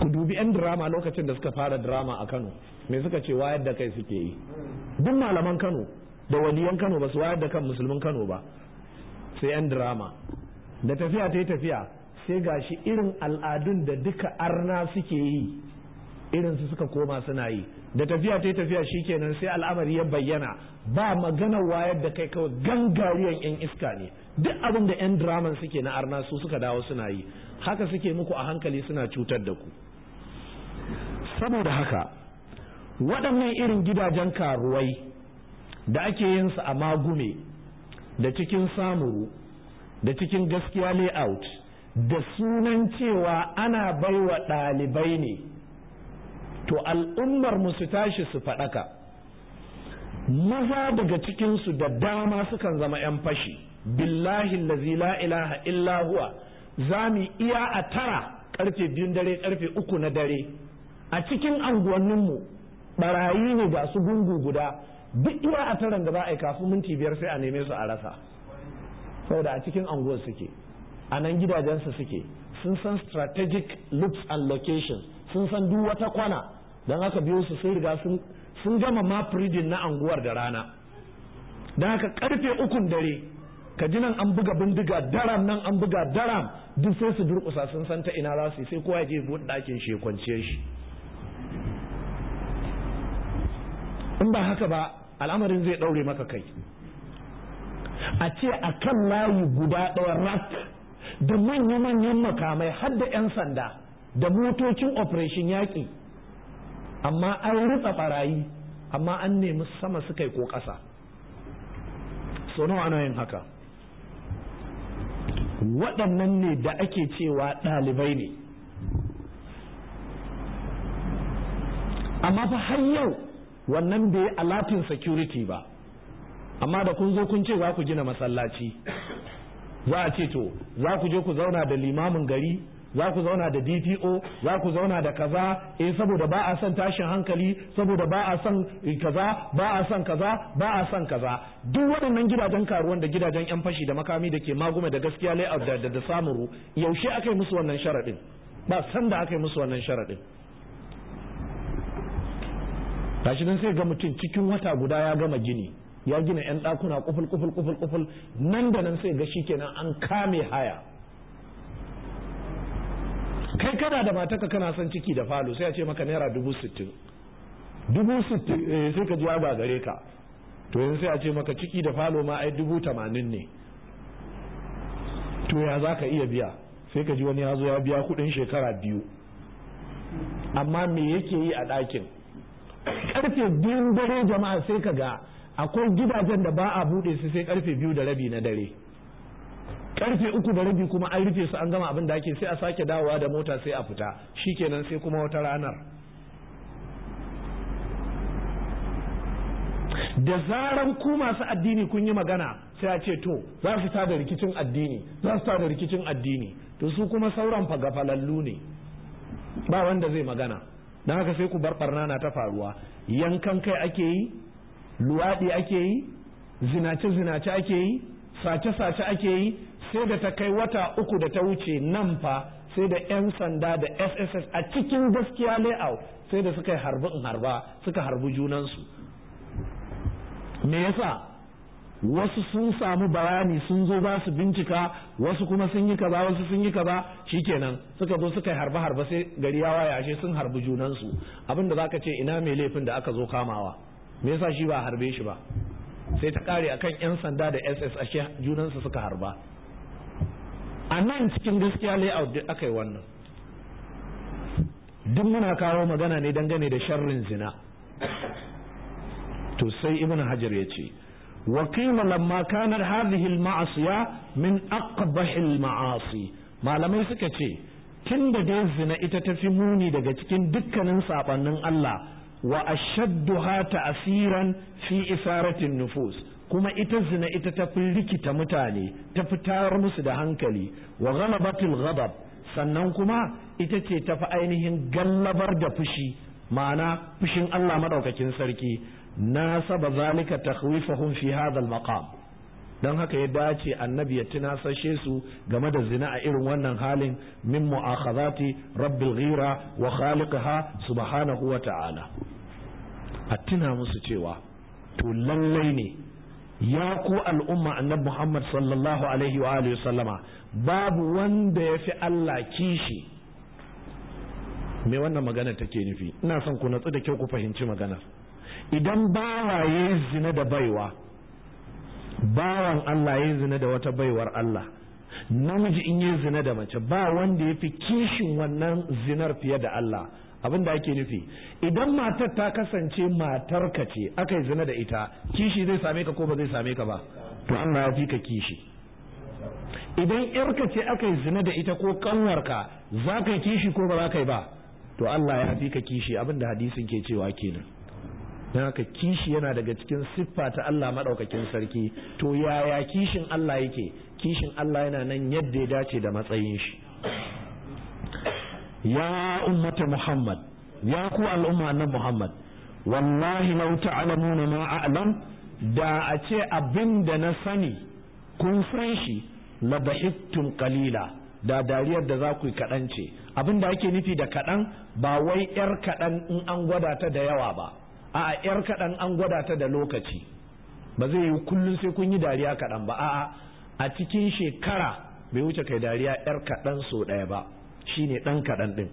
ku dubi 'yan drama lokacin da suka fara drama a kano me suka ce wayar da kai suke yi duk malaman kano da waliyan kano ba su wayar da kan musulmin kano ba sai 'yan drama da tafiya ta yi tafiya sai gashi irin al'adun da duka arna suke yi irin su suka koma suna yi da tafiya ta tafiya tafiya shikenan sai al'amari ya bayyana ba magana wayar da kai kawai gangariyan yan iska ne duk abin da yan draman suke na arna su suka dawo suna yi haka suke muku a hankali suna cutar da ku saboda haka waɗannan irin gidajen karuwai da ake yin su a magume da cikin samuru da cikin gaskiya layout da sunan cewa ana baiwa ɗalibai ne to al'ummar mu su tashi su faɗaka maza daga cikinsu da dama sukan zama 'yan fashi billahi lazi la ilaha illa huwa za mu iya a tara karfe biyun dare karfe uku na dare a cikin anguwanninmu barayi ne ga su gungu guda duk iya a taran da za a yi kafin minti biyar sai a neme su a rasa saboda a cikin anguwar suke a nan gidajensu suke sun san strategic loops and locations sun san duk wata kwana don haka biyo su sun riga sun gama ma firijin na anguwar da rana don haka karfe ukun dare ka ji nan an buga bindiga daram nan an buga daram duk sai su durkusa sun san ta ina za su sai kowa ya je buɗe ɗakin shi kwanciyar shi in ba haka ba al'amarin zai ɗaure maka kai a ce a kan layi guda ɗawar rak da manya-manyan makamai har da 'yan sanda da motocin operation yaƙi amma an rutsa barayi amma an nemi sama su Kai ko ƙasa so nawa ana yin haka waɗannan ne da ake cewa ɗalibai ne amma fa har yau wannan bai alatin security ba amma da kun zo kun ce za ku gina masallaci za a ce to za ku je ku zauna da limamin gari za ku zauna da DPO za ku zauna da kaza eh saboda ba a son tashin hankali saboda ba a son eh, kaza ba a son kaza ba a son kaza duk waɗannan gidajen karuwan da gidajen yan fashi da makami da ke magume da gaskiya layout da da samuru yaushe aka yi musu wannan sharaɗin ba san da aka yi musu wannan sharaɗin Tashi nan sai ga mutum cikin wata guda ya gama gini ya gina yan ɗakuna kuful kuful kuful kuful nan da nan sai ga shi kenan an kame haya kai kana da matarka kana son ciki da falo sai a ce maka naira dubu sittin dubu sittin eh, sai ka ji ba gare ka to yanzu sai a ce maka ciki da falo ma ai dubu tamanin ne to ya za ka iya biya sai ka ji wani ya zo ya biya kudin shekara biyu amma me yake yi a ɗakin karfe biyun dare jama'a sai ka ga akwai gidajen da ba a buɗe su sai karfe biyu da rabi na dare karfe uku da rabi kuma an rufe su an gama abin da ake sai a sake dawowa da mota sai a fita shikenan sai kuma wata ranar da zaran ku masu addini kun yi magana sai a ce to za su da rikicin addini za su da rikicin addini to su kuma sauran fagafalallu ne ba wanda zai magana don haka sai ku bar barna na ta faruwa yankan kai ake yi luwaɗi ake yi zinace-zinace ake yi sace-sace ake yi sai da ta kai wata uku da ta wuce nan fa sai da 'yan sanda da sss a cikin gaskiya layout sai da suka yi harbi in harba suka harbi junansu me yasa wasu sun samu bayani sun zo ba su bincika wasu kuma sun yi kaza wasu sun yi kaza shikenan suka zo suka yi harba harba sai gari ya waya ashe sun harbi junansu abin da zaka ce ina mai laifin da aka zo kamawa me yasa shi ba harbe shi ba sai ta kare akan yan sanda da SS ashe junansu suka harba a nan cikin gaskiya layout duk aka yi wannan duk muna kawo magana ne dangane da sharrin zina to sai ibn hajar ya ce lamma kanar hazihil كانت هذه min من أقبح المعاصي malamai suka ce tun da dai zina ita ta fi muni daga cikin dukkanin saɓannin Allah wa ashadduha ta'asiran fi isaratin nufus kuma ita zina ita ta fi rikita mutane ta fi musu da hankali wa ghalabatul ghadab sannan kuma ita ce ta fi ainihin gallabar da fushi ma'ana fushin Allah madaukakin sarki na saba zalika takhwifuhum fi hadha dan haka ya dace annabi ya tunasashe su game da zina a irin wannan halin min mu'akhazati rabbil ghira wa khaliqha subhanahu wa ta'ala a tuna musu cewa to lallai ne ya ku al'umma annabi Muhammad sallallahu alaihi wa sallama babu wanda ya fi Allah kishi me wannan magana take nufi ina son ku natsu da kyau ku fahimci maganar idan bawa ya zina da baiwa bawan Allah ya zina da wata baiwar Allah namiji in yi zina da mace ba wanda ya fi kishin wannan zinar fiye da Allah abin da ake nufi idan matar ta kasance matar ka ce aka yi zina da ita kishi zai same ka ko ba zai same ka ba to Allah ya fi ka kishi idan yarka ce aka yi zina da ita ko kanwarka za ka yi kishi ko ba za ka yi ba to Allah ya fi ka kishi abin da hadisin ke cewa kenan don haka kishi yana daga cikin siffa ta Allah maɗaukakin sarki to yaya kishin Allah yake kishin Allah yana nan yadda ya dace da matsayin shi ya ummata muhammad ya ku al'umma na muhammad wallahi law ta'lamuna ma a'lam da a ce abin da na sani kun san shi la bahittum qalila da dariyar da za ku yi kaɗan ce abin da ake nufi da kaɗan ba wai 'yar kaɗan in an gwada ta da yawa ba a 'yar kaɗan an gwada ta da lokaci ba zai yi kullum sai kun yi dariya kaɗan ba a'a a cikin shekara bai wuce kai dariya 'yar kaɗan so ɗaya ba shine ɗan kaɗan ɗin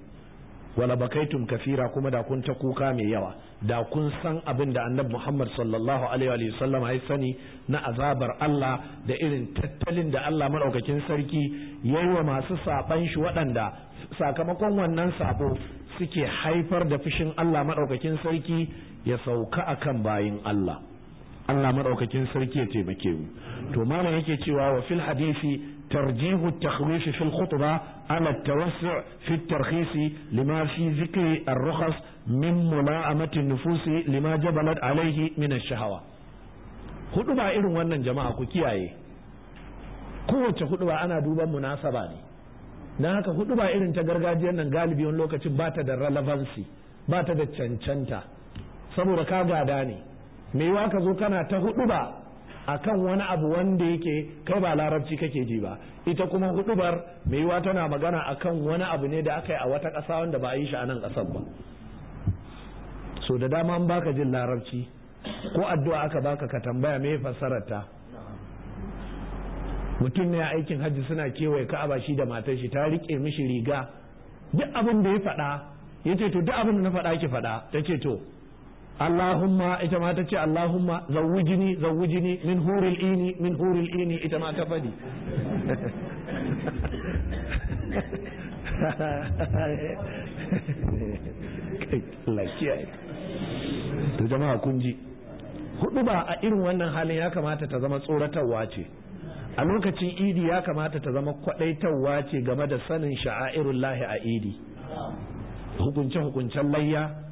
wala bakaitum kafira kuma da kun ta kuka mai yawa da kun san abin da annabi Muhammad sallallahu alaihi wa sallam ya sani na azabar Allah da irin tattalin da Allah madaukakin sarki yayi wa masu saban shi waɗanda sakamakon wannan sabo suke haifar da fushin Allah madaukakin sarki ya sauka akan bayin Allah Allah madaukakin sarki ya taimake mu to malam yake cewa wa fil hadisi ترجيح التخويف في الخطبة على التوسع في الترخيص لما في ذكر الرخص من ملاءمة النفوس لما جبلت ba irin wannan jama'a ku kiyaye kowace huɗu ba ana duban munasaba ne Na haka hudu ba irin ta gargajiyar nan galibi wani lokacin ba ta da relevancy ba ta da cancanta saboda ka gada ne me yiwa ka zo kana ta huɗu ba akan wani abu wanda yake kai ba larabci kake ji ba ita kuma hudubar mai yiwa tana magana akan wani abu ne da aka yi a wata ƙasa wanda ba a yi shi a nan ƙasar ba so da dama an baka jin larabci ko addu'a aka baka ka tambaya me fassarar ta mutum ne aikin hajji suna kewaye ka'aba shi da matar shi ta rike mishi riga duk abin da ya faɗa yace to duk abin da na faɗa ki faɗa ta ce to Allahumma ita ma ta ce Allahumma من zawwijini min من ini min huril تفدي ita ta to jama'a kun ji hudu ba a irin wannan halin ya kamata ta zama tsoratarwa ce a lokacin idi ya kamata ta zama kwadaitarwa ce game da sanin sha'airullahi a idi hukunce hukuncen layya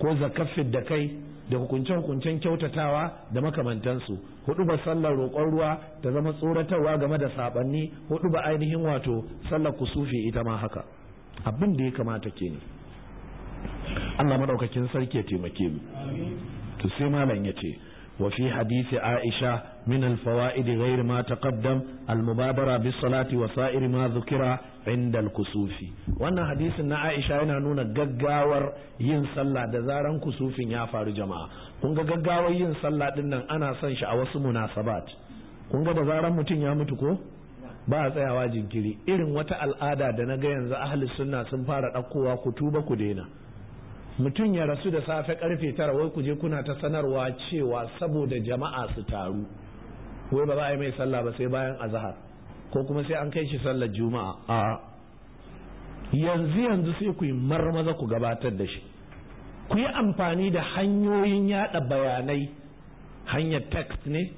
ko zakafin da kai da hukunce-hukuncen kyautatawa da makamantansu hudu ba sallar roƙon ruwa ta zama tsoratarwa game da saɓanni hudu ba ainihin wato sallar kusufi ita ma haka abin da ya kamata ke ne Allah maɗaukakin sarki ya taimake mu to sai malam ya ce وفي حديث عائشة من الفوائد غير ما تقدم المبادرة بالصلاة وسائر ما ذكر عند الكسوف وانا حديث ان عائشة هنا نونا غغاور yin sallah da zarar kusufin ya faru jama'a kun ga gaggawar yin sallah din nan ana son shi a wasu munasabat kun ga da zaran mutum ya mutu ko ba a tsayawa jinkiri irin wata al'ada da na ga yanzu ahli sunna sun fara ɗaukowa ku tuba ku daina mutum ya rasu da safe karfe tara wai ku je kuna ta sanarwa cewa saboda jama'a su taru wai ba za a yi mai sallah ba sai bayan azahar ko kuma sai an kai shi sallar juma'a a yanzu yanzu sai ku yi marmaza ku gabatar da shi ku yi amfani da hanyoyin yada bayanai hanyar text ne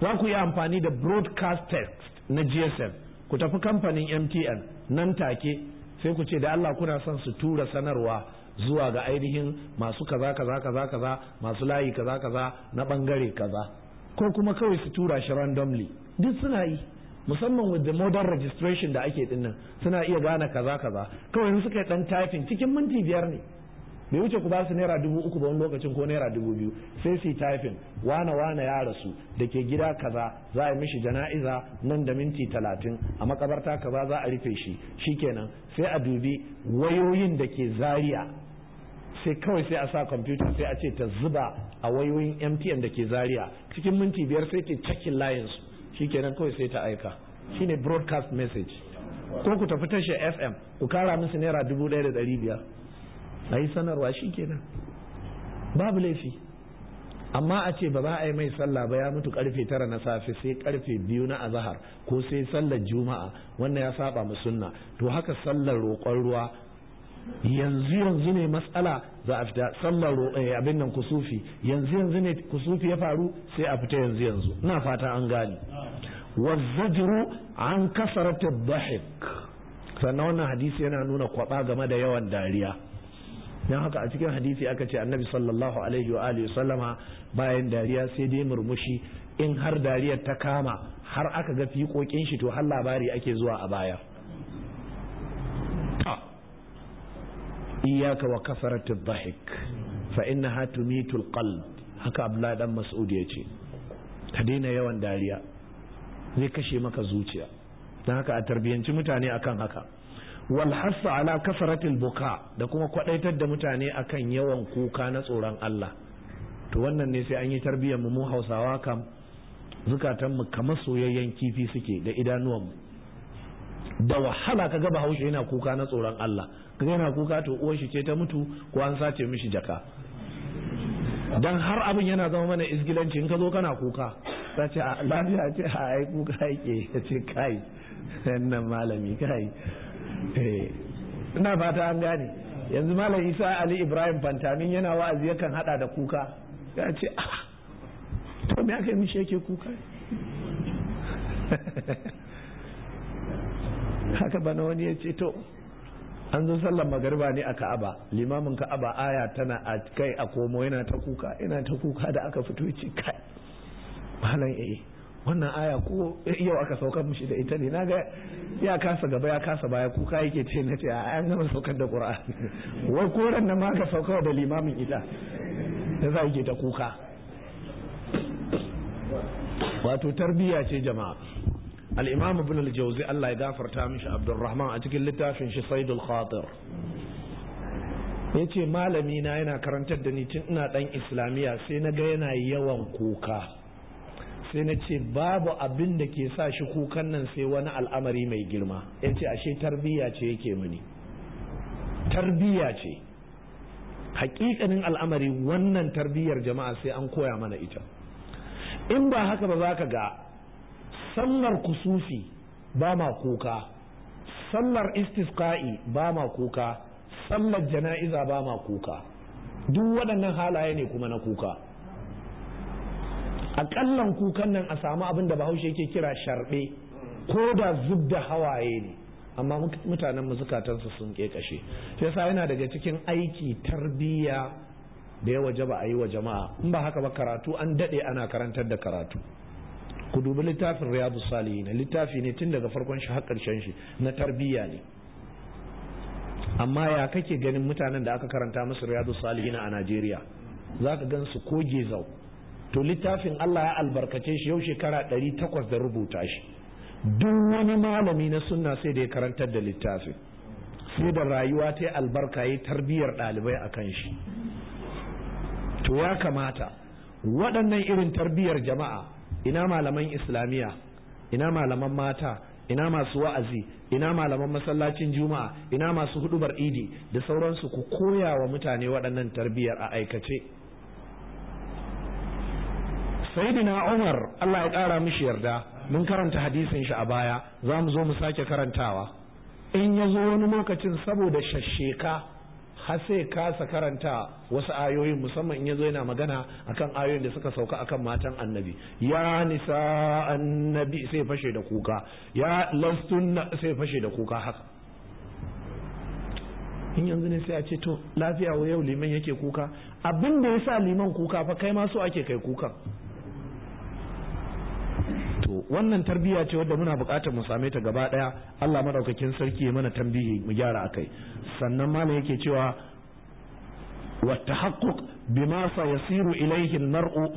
za ku yi amfani da broadcast text na gsm ku tafi kamfanin mtn nan take sai ku ce da allah kuna son su tura sanarwa zuwa ga ainihin masu kaza kaza kaza kaza masu layi kaza kaza na bangare kaza ko kuma kawai su tura shi randomly duk suna yi musamman with the modern registration da ake dinnan suna iya gane kaza kaza kawai suka dan typing cikin minti biyar ne bai wuce ku ba su naira dubu uku ba wani lokacin ko naira dubu biyu sai su typing wane wane ya rasu da ke gida kaza za a yi mishi jana'iza nan da minti talatin a makabarta kaza za a rufe shi shikenan sai a dubi wayoyin da ke zaria sai kawai sai a sa kwamfuta sai a ce ta zuba a wayoyin mtn da ke Zariya cikin minti biyar sai ke cakin layinsu kenan kawai sai ta aika shine broadcast message ko ku tafi tashar fm ku kara musu naira dubu ɗaya da ɗari biyar a yi sanarwa shi kenan babu laifi amma a ce ba za a yi mai sallah ba ya mutu karfe tara na safe sai karfe biyu na azahar ko sai sallar juma'a wannan ya saba mu sunna to haka sallar roƙon ruwa yanzu yanzu ne matsala za a fita sallar eh, abin nan kusufi yanzu yanzu ne kusufi ya faru sai a fita yanzu yanzu na fata an gani wazzajru an kasarata dhahik sannan wannan hadisi yana nuna kwaba game da yawan dariya dan haka a cikin hadisi aka ce annabi sallallahu alaihi wa alihi sallama bayan dariya sai dai murmushi in har dariyar ta kama har aka ga fiƙoƙin shi to har labari ake zuwa a baya iyaka wa kafaratu dhahik fa innaha tumitul qalb haka abdullahi dan mas'ud ce ka daina yawan dariya zai kashe maka zuciya dan haka a tarbiyanci mutane akan haka wal hasa ala buka da kuma kwadaitar da mutane akan yawan kuka na tsoron Allah to wannan ne sai an yi tarbiyyar mu mu Hausawa kam zukatan mu kamar soyayyen kifi suke da idanuwan mu da wahala ka ga bahaushe yana kuka na tsoron Allah kaga yana kuka to uwar shi ce ta mutu ko an sace mishi jaka dan har abin yana zama mana izgilanci in ka zo kana kuka ta ce a lafiya ce a ai kuka yake ya ce kai nan malami kai eh, ina fata an gane yanzu malam isa ali ibrahim fantamin yana wa'azi yakan hada da kuka ya ce a ah, to me aka yi mishi yake kuka haka bana wani ya ce to an zo sallar magariba ne a ka'aba limamin ka'aba aya tana a kai a komo yana ta kuka yana ta kuka da aka fito ce kai malam eh wannan aya ko yau aka saukar mushi da ita ne naga ya kasa gaba ya kasa baya kuka yake ce na ce a an gama saukar da qur'ani wai koran nan ma ka sauka da limamin ita da za ke ta kuka wato tarbiyya ce jama'a al-imam ibn al Allah ya gafarta mishi Abdurrahman a cikin littafin shi Saidul Khatir yace malami na yana karantar da ni tun ina dan islamiya sai na ga yana yawan kuka sai na ce babu abin da ke sa shi kukan nan sai wani al'amari mai girma yace ashe tarbiyya ce yake mini tarbiyya ce hakikanin al'amari wannan tarbiyyar jama'a sai an koya mana ita in ba haka ba za ka ga sallar kusufi ba ma kuka sallar istisqa'i ba ma kuka sallar jana'iza ba ma kuka duk waɗannan halaye ne kuma na kuka aƙallan kukan nan a samu abin da bahaushe yake kira sharɓe ko da zub da hawaye ne amma mutanen mu sun kekashe shi yasa yana daga cikin aiki tarbiyya da ya waje ba a yi wa jama'a in ba haka ba karatu an daɗe ana karantar da karatu ku dubi littafin riyadu salihin littafi ne tun daga farkon shi har shi na tarbiyya ne amma ya kake ganin mutanen da aka karanta musu riyadu salihin a Najeriya za ka gan su koge zau? to littafin Allah ya albarkace shi yau shekara ɗari takwas da rubuta shi duk wani malami na sunna sai da ya karantar da littafin sai da rayuwa ta albarka ya tarbiyyar ɗalibai a kan shi to ya kamata waɗannan irin tarbiyyar jama'a ina malaman islamiyya ina malaman mata ina masu wa'azi ina malaman masallacin juma'a ina masu hudubar idi da sauransu ku koya wa mutane waɗannan tarbiyyar a aikace sayyidina umar allah ya ƙara mishi yarda mun karanta hadisin shi a baya za mu zo mu sake karantawa in ya zo wani lokacin saboda shasheka har sai kasa karanta wasu ayoyin musamman in yazo yana magana akan ayoyin da suka sauka akan matan annabi ya nisa annabi sai fashe da kuka ya lastunna sai fashe da kuka haka in yanzu ne sai a ce to lafiya wa yau liman yake kuka abin da yasa liman kuka fa kai ma so ake kai kukan wannan tarbiyya ce wadda muna bukatar mu same ta gaba ɗaya Allah madaukakin sarki ya mana tambihi mu gyara akai sannan malam yake cewa والتحقق بما سيصير إليه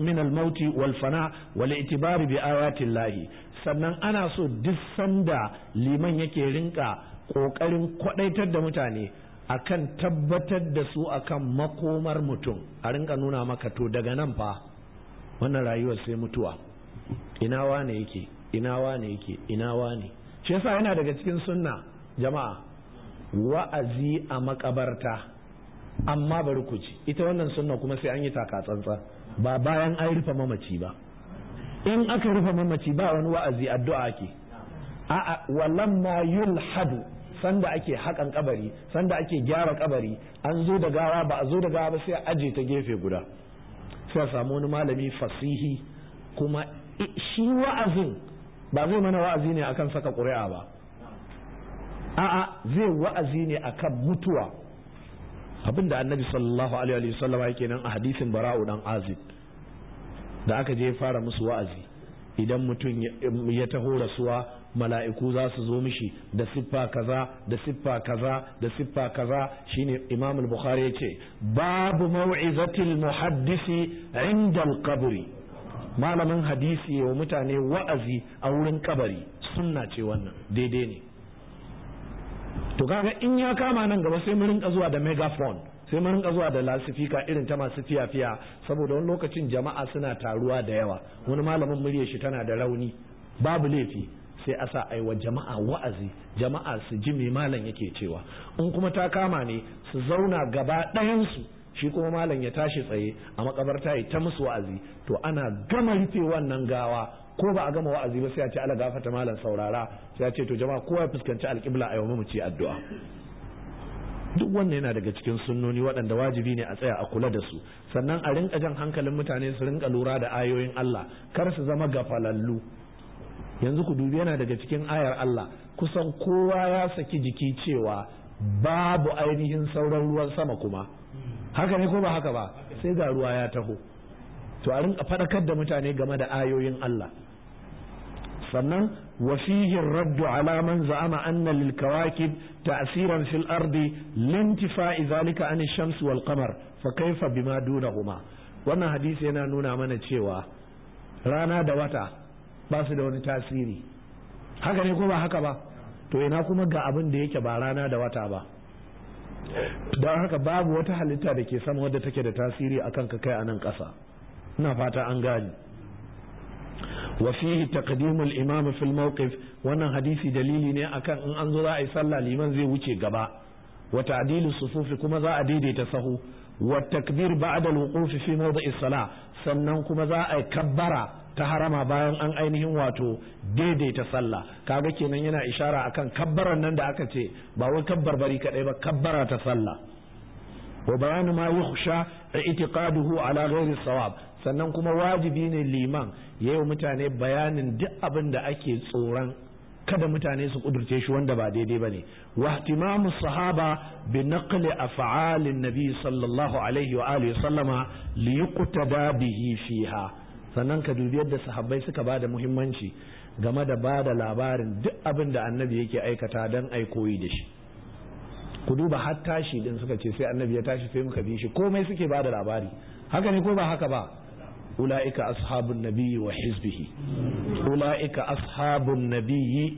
min من walfana والفناء bi ayati الله sannan ana so duk sanda liman yake rinka ƙoƙarin kwaɗaitar da mutane akan tabbatar da su akan makomar mutum a rinka nuna maka to daga nan fa wannan rayuwar sai mutuwa ina wane yake ina wane yake ina wane shi yasa yana daga cikin sunna jama'a wa'azi a makabarta amma bari ku ci ita wannan sunna kuma sai an yi taka tsantsa ba bayan an rufe mamaci ba in aka rufe mamaci ba wani wa'azi addu'a ke? a'a walamma yulhadu sanda ake haƙan kabari sanda ake gyara kabari an zo da gawa ba a zo da gawa ba sai a aje ta gefe guda sai a samu wani malami fasihi kuma shi wa'azin ba zai mana wa'azi ne akan saka ƙuri'a ba a'a zai wa'azi ne akan mutuwa abinda annabi sallallahu alaihi wasallama yake nan a hadisin bara'u dan azib da aka je fara musu wa'azi idan mutum ya taho rasuwa mala'iku za su zo mishi da siffa kaza da siffa kaza da siffa kaza shine imam al-bukhari yace babu mau'izatil muhaddisi inda al-qabri malamin hadisi wa mutane wa'azi a wurin kabari sunna ce wannan daidai ne to kaga in ya kama nan gaba sai mu rinka zuwa da megaphone sai mu rinka zuwa da lasifika irin ta masu fiya-fiya saboda wani lokacin jama'a suna taruwa da yawa wani malamin murya shi tana da rauni babu laifi sai a sa aiwa jama'a wa'azi jama'a su ji mai malam yake cewa in kuma ta kama ne su zauna gaba ɗayansu shi kuma malam ya tashi tsaye a makabarta ya ta musu wa'azi to ana gama rufe wannan gawa ko ba a gama wa'azi ba sai a ce ala gafata malam saurara sai a ce to jama'a kowa ya fuskanci alƙibla a yau ci addu'a duk wannan yana daga cikin sunnoni waɗanda wajibi ne a tsaya a kula da su sannan a rinka jan hankalin mutane su rinka lura da ayoyin Allah kar su zama gafalallu yanzu ku dubi yana daga cikin ayar Allah kusan kowa ya saki jiki cewa babu ainihin sauran ruwan sama kuma haka ne ko ba haka ba sai ga ruwa ya taho to a rinka faɗakar da mutane game da ayoyin Allah sannan وفيه الرد على من زعم أن للكواكب تأثيرا في الأرض لانتفاء ذلك عن الشمس fa bima duna huma. wannan hadisi yana nuna mana cewa rana da wata ba su da wani tasiri haka ne ko ba haka ba to ina kuma ga abin da yake ba rana da wata ba don haka babu wata halitta da ke sama wadda take da tasiri akan ka kai a nan ƙasa ina fata an gani وفيه ta الإمام في الموقف wannan hadisi dalili ne akan in an zo za a yi sallah liman zai wuce gaba wata ta'dilu sufufi kuma za a daidaita sahu wa takbir ba'da al-wuquf fi sannan kuma za a yi kabbara ta harama bayan an ainihin wato daidaita sallah kaga kenan yana ishara akan kabbaran nan da aka ce ba wai kabbar bari kadai ba kabbara ta sallah wa bayanu ma yukhsha i'tiqaduhu ala ghairi sawab sannan kuma wajibi ne liman yayin mutane bayanin duk abin da ake tsoron kada mutane su kudurce shi wanda ba daidai bane wa ihtimamu sahaba bi naqli af'alin nabi sallallahu alaihi wa alihi sallama li bihi fiha sannan ka dubi yadda sahabbai suka bada muhimmanci game da bada labarin duk abin da annabi yake aikata don aikoyi da shi ku duba har tashi din suka ce sai annabi ya tashi sai muka bi shi komai suke bada labari haka ne ko ba haka ba ula'ika ashabun nabiyyi wa hizbihi ula'ika ashabun nabiyyi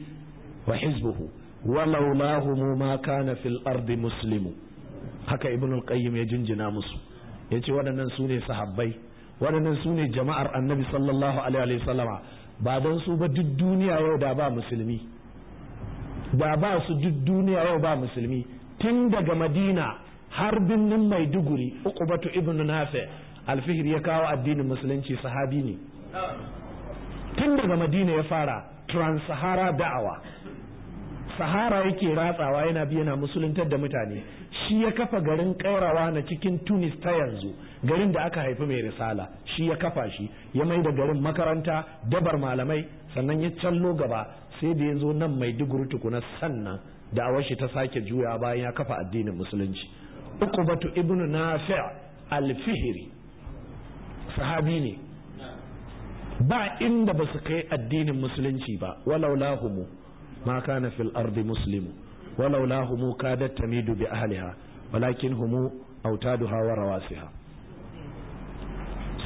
wa hizbuhu wa laulahum ma kana fil ardi muslimu haka ibnul qayyim ya jinjina musu yace waɗannan su ne sahabbai waɗannan su ne jama'ar annabi sallallahu alaihi sallam ba don su ba duk duniya yau da ba musulmi da ba su duk duniya yau ba musulmi tun daga madina har birnin maiduguri uqubatu ibn Nafe alfihir ya kawo addinin musulunci sahabi ne tun daga madina ya fara transahara da'awa sahara yake ratsawa yana biyana yana musuluntar da mutane shi ya kafa garin kairawa na cikin tunis ta yanzu garin da aka haifi mai risala shi ya kafa shi ya mai da garin makaranta dabar malamai sannan ya callo gaba sai da ya zo nan mai diguru tukuna sannan da shi ta sake juya bayan ya kafa addinin musulunci Uku batu ibn nafi' alfihiri sahabi ne ba inda ba su kai addinin musulunci ba walaulahumu lahumu ma kana fil ardi muslimu walaulahumu kadat tamidu bi ahliha walakin humu autaduha wa rawasiha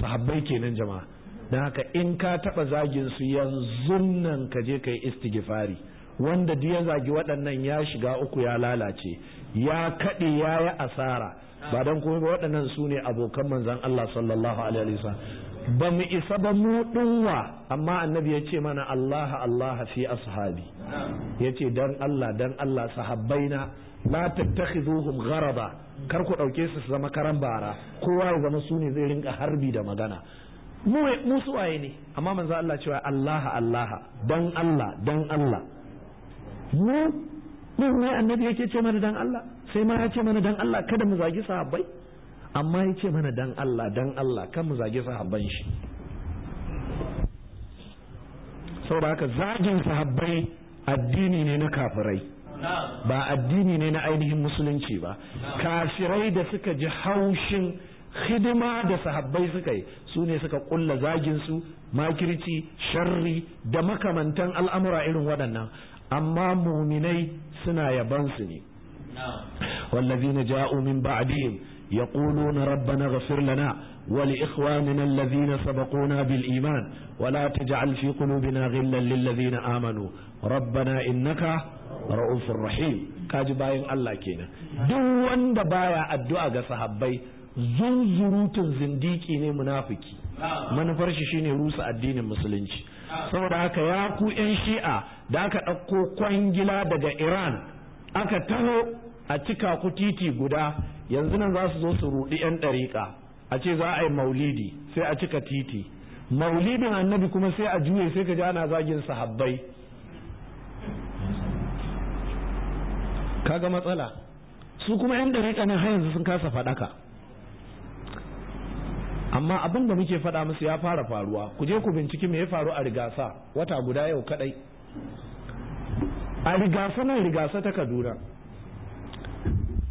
sahabbai kenan jama'a don haka in ka taba zagin su yanzu nan ka je ka yi istighfari wanda duk ya zagi waɗannan ya shiga uku ya lalace ya kaɗe ya yi asara ba don kuma waɗannan su ne abokan manzan Allah sallallahu alaihi wasallam ba mu isa ba mu amma annabi ya ce mana Allah Allah fi ashabi ya ce dan Allah dan Allah sahabbaina la tattakhizuhum gharaba kar ku ɗauke su su zama karan bara kowa ya zama su zai rinka harbi da magana mu mu waye ne amma manzo Allah cewa Allah Allah dan Allah dan Allah mu mu ne annabi yake ce mana dan Allah sai ma ya ce mana dan Allah kada mu zagi sahabbai amma ya ce mana dan Allah dan Allah kan mu zage sahabban shi saboda haka zagin sahabbai addini ne na kafirai ba addini ne na ainihin musulunci ba kafirai da suka ji haushin hidima da sahabbai suka yi su ne suka kulla zaginsu makirci sharri da makamantan al'amura irin waɗannan amma muminai suna yabansu ne wallazina ja'u min ba'dihim يقولون ربنا اغفر لنا ولإخواننا الذين سبقونا بالإيمان ولا تجعل في قلوبنا غلا للذين آمنوا ربنا إنك رؤوف رحيم كاجباين الله كينا دو وند بايا الدعاء صحابي zunzurutun zindiki ne munafiki manufar shi shine rusa addinin musulunci saboda haka ya ku yan shi'a da aka ɗauko kwangila daga iran aka taho a cika ku titi guda yanzu nan za su zo su rudi yan ɗariƙa a ce za a yi maulidi sai a cika titi maulidin annabi kuma sai a juye sai ka ji ana zagin sahabbai kaga matsala su kuma yan dariƙa na har yanzu sun kasa faɗaka amma abin da muke faɗa musu ya fara faruwa ku je ku binciki me ya faru a rigasa wata guda yau kaɗai a rigasa nan rigasa ta kaduna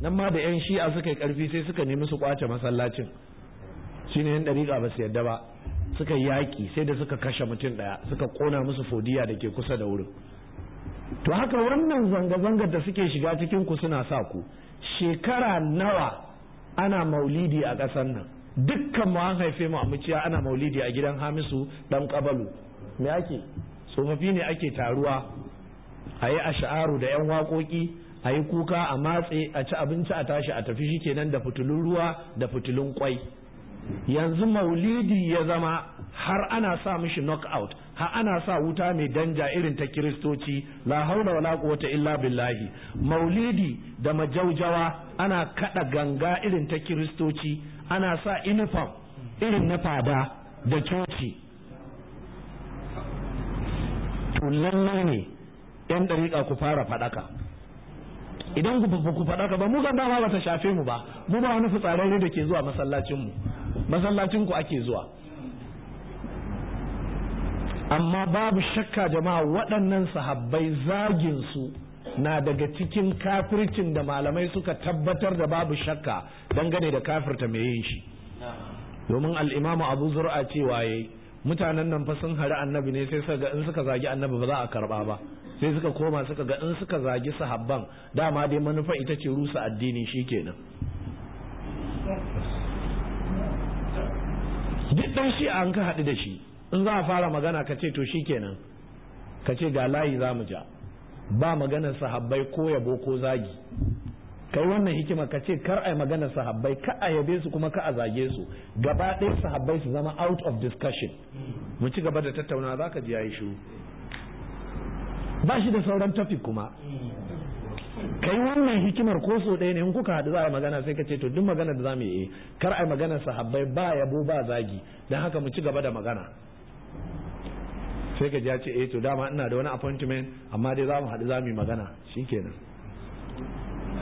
nan ma da yan shi'a suka yi karfi sai suka nemi su kwace masallacin shi ne yan dariƙa ba su yadda ba suka yaƙi sai da suka kashe mutum ɗaya suka ƙona musu fodiya da ke kusa da wurin to haka wannan zanga-zangar da suke shiga cikin ku suna sa ku shekara nawa ana maulidi a ƙasar nan dukkan mu an haife mu a muciya ana maulidi a gidan hamisu dan kabalu me ake tsofaffi ne ake taruwa a yi sha'aru da 'yan waƙoƙi a yi kuka a matse a ci abinci a tashi a tafi shi kenan da fitilun ruwa da fitilun kwai yanzu maulidi ya zama har ana sa mishi knockout har ana sa wuta mai danja irin ta kiristoci la haula wala quwwata illa billahi maulidi da majaujawa ana kada ganga irin ta kiristoci ana sa uniform irin na fada da coci to ne yan dariƙa ku fara faɗaka idan ku ku faɗa ka ba mu kan dama ba ta shafe mu ba mu ba wani fitsararre da ke zuwa masallacin mu masallacin ku ake zuwa amma babu shakka jama'a waɗannan sahabbai zagin su na daga cikin kafircin da malamai suka tabbatar da babu shakka dangane da kafirta mai yin shi domin al'imamu abu zur'a cewa yayi mutanen nan fa sun hari annabi ne sai ga in suka zagi annabi ba za a karba ba sai suka koma suka ga in suka zagi sahabban dama dai manufa ita ce rusa addini shikenan duk dan shi an ka haɗu da shi in za a fara magana ka ce to shikenan ka ce ga layi za mu ja ba maganar sahabbai ko yabo ko zagi kai wannan hikima ka ce kar a yi maganar sahabbai ka a yabe su kuma ka a zage su gaba ɗaya sahabbai su zama out of discussion mu ci gaba da tattauna za ka ji ya yi shiru ba shi da sauran tafi kuma kai wannan hikimar ko so ɗaya ne in kuka haɗu za a magana sai ka ce to duk magana da za mu yi eh, kar a magana sahabbai ba yabo ba zagi don haka mu ci gaba da magana sai ka ji ya ce eh to dama ina da wani appointment amma dai za mu haɗu za mu yi magana shikenan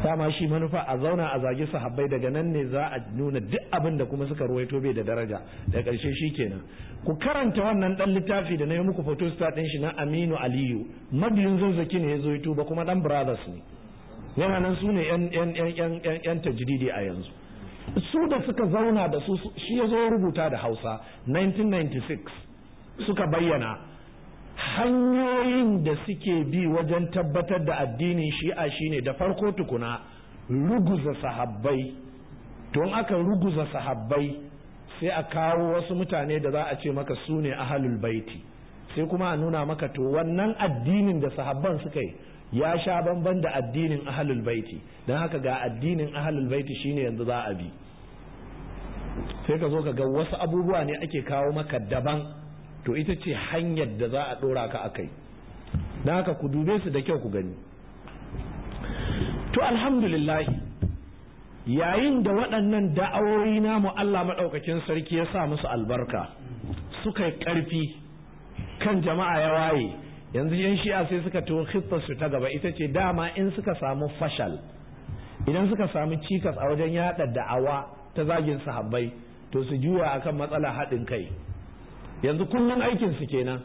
dama shi manufa a zauna a zagi sahabbai daga nan ne za a nuna duk abin da kuma suka ruwaito bai da daraja da karshe shi kenan ku karanta wannan dan littafi da na yi muku star ɗin shi na Aminu Aliyu zo zazzaki ne ya zo tuba kuma dan brothers ne yana nan su ne yan tajiridi a yanzu su da suka zauna da su shi ya zo rubuta da Hausa 1996 suka bayyana hanyoyin da suke bi wajen tabbatar da addinin shi'a shine da farko tukuna ruguza sahabbai don aka ruguza sahabbai sai a kawo wasu mutane da za a ce maka su ne ahalul baiti sai kuma a nuna maka to wannan addinin da sahabban suka yi ya sha bamban da addinin ahalul baiti don haka ga addinin ahalul baiti shine yanzu za a bi sai ka zo ka ga wasu abubuwa ne ake kawo maka daban to ita ce hanyar da za a ɗora ka a kai don haka ku dube su da kyau ku gani to alhamdulillah yayin da waɗannan da'awoyi namu Allah maɗaukakin sarki ya sa musu albarka suka yi ƙarfi kan jama'a ya waye yanzu yan shi'a sai suka tuwo su ta gaba ita ce dama in suka samu fashal idan suka samu cikas a wajen yaɗa da'awa ta zagin sahabbai to su juya akan matsala haɗin kai yanzu kullum aikin su kenan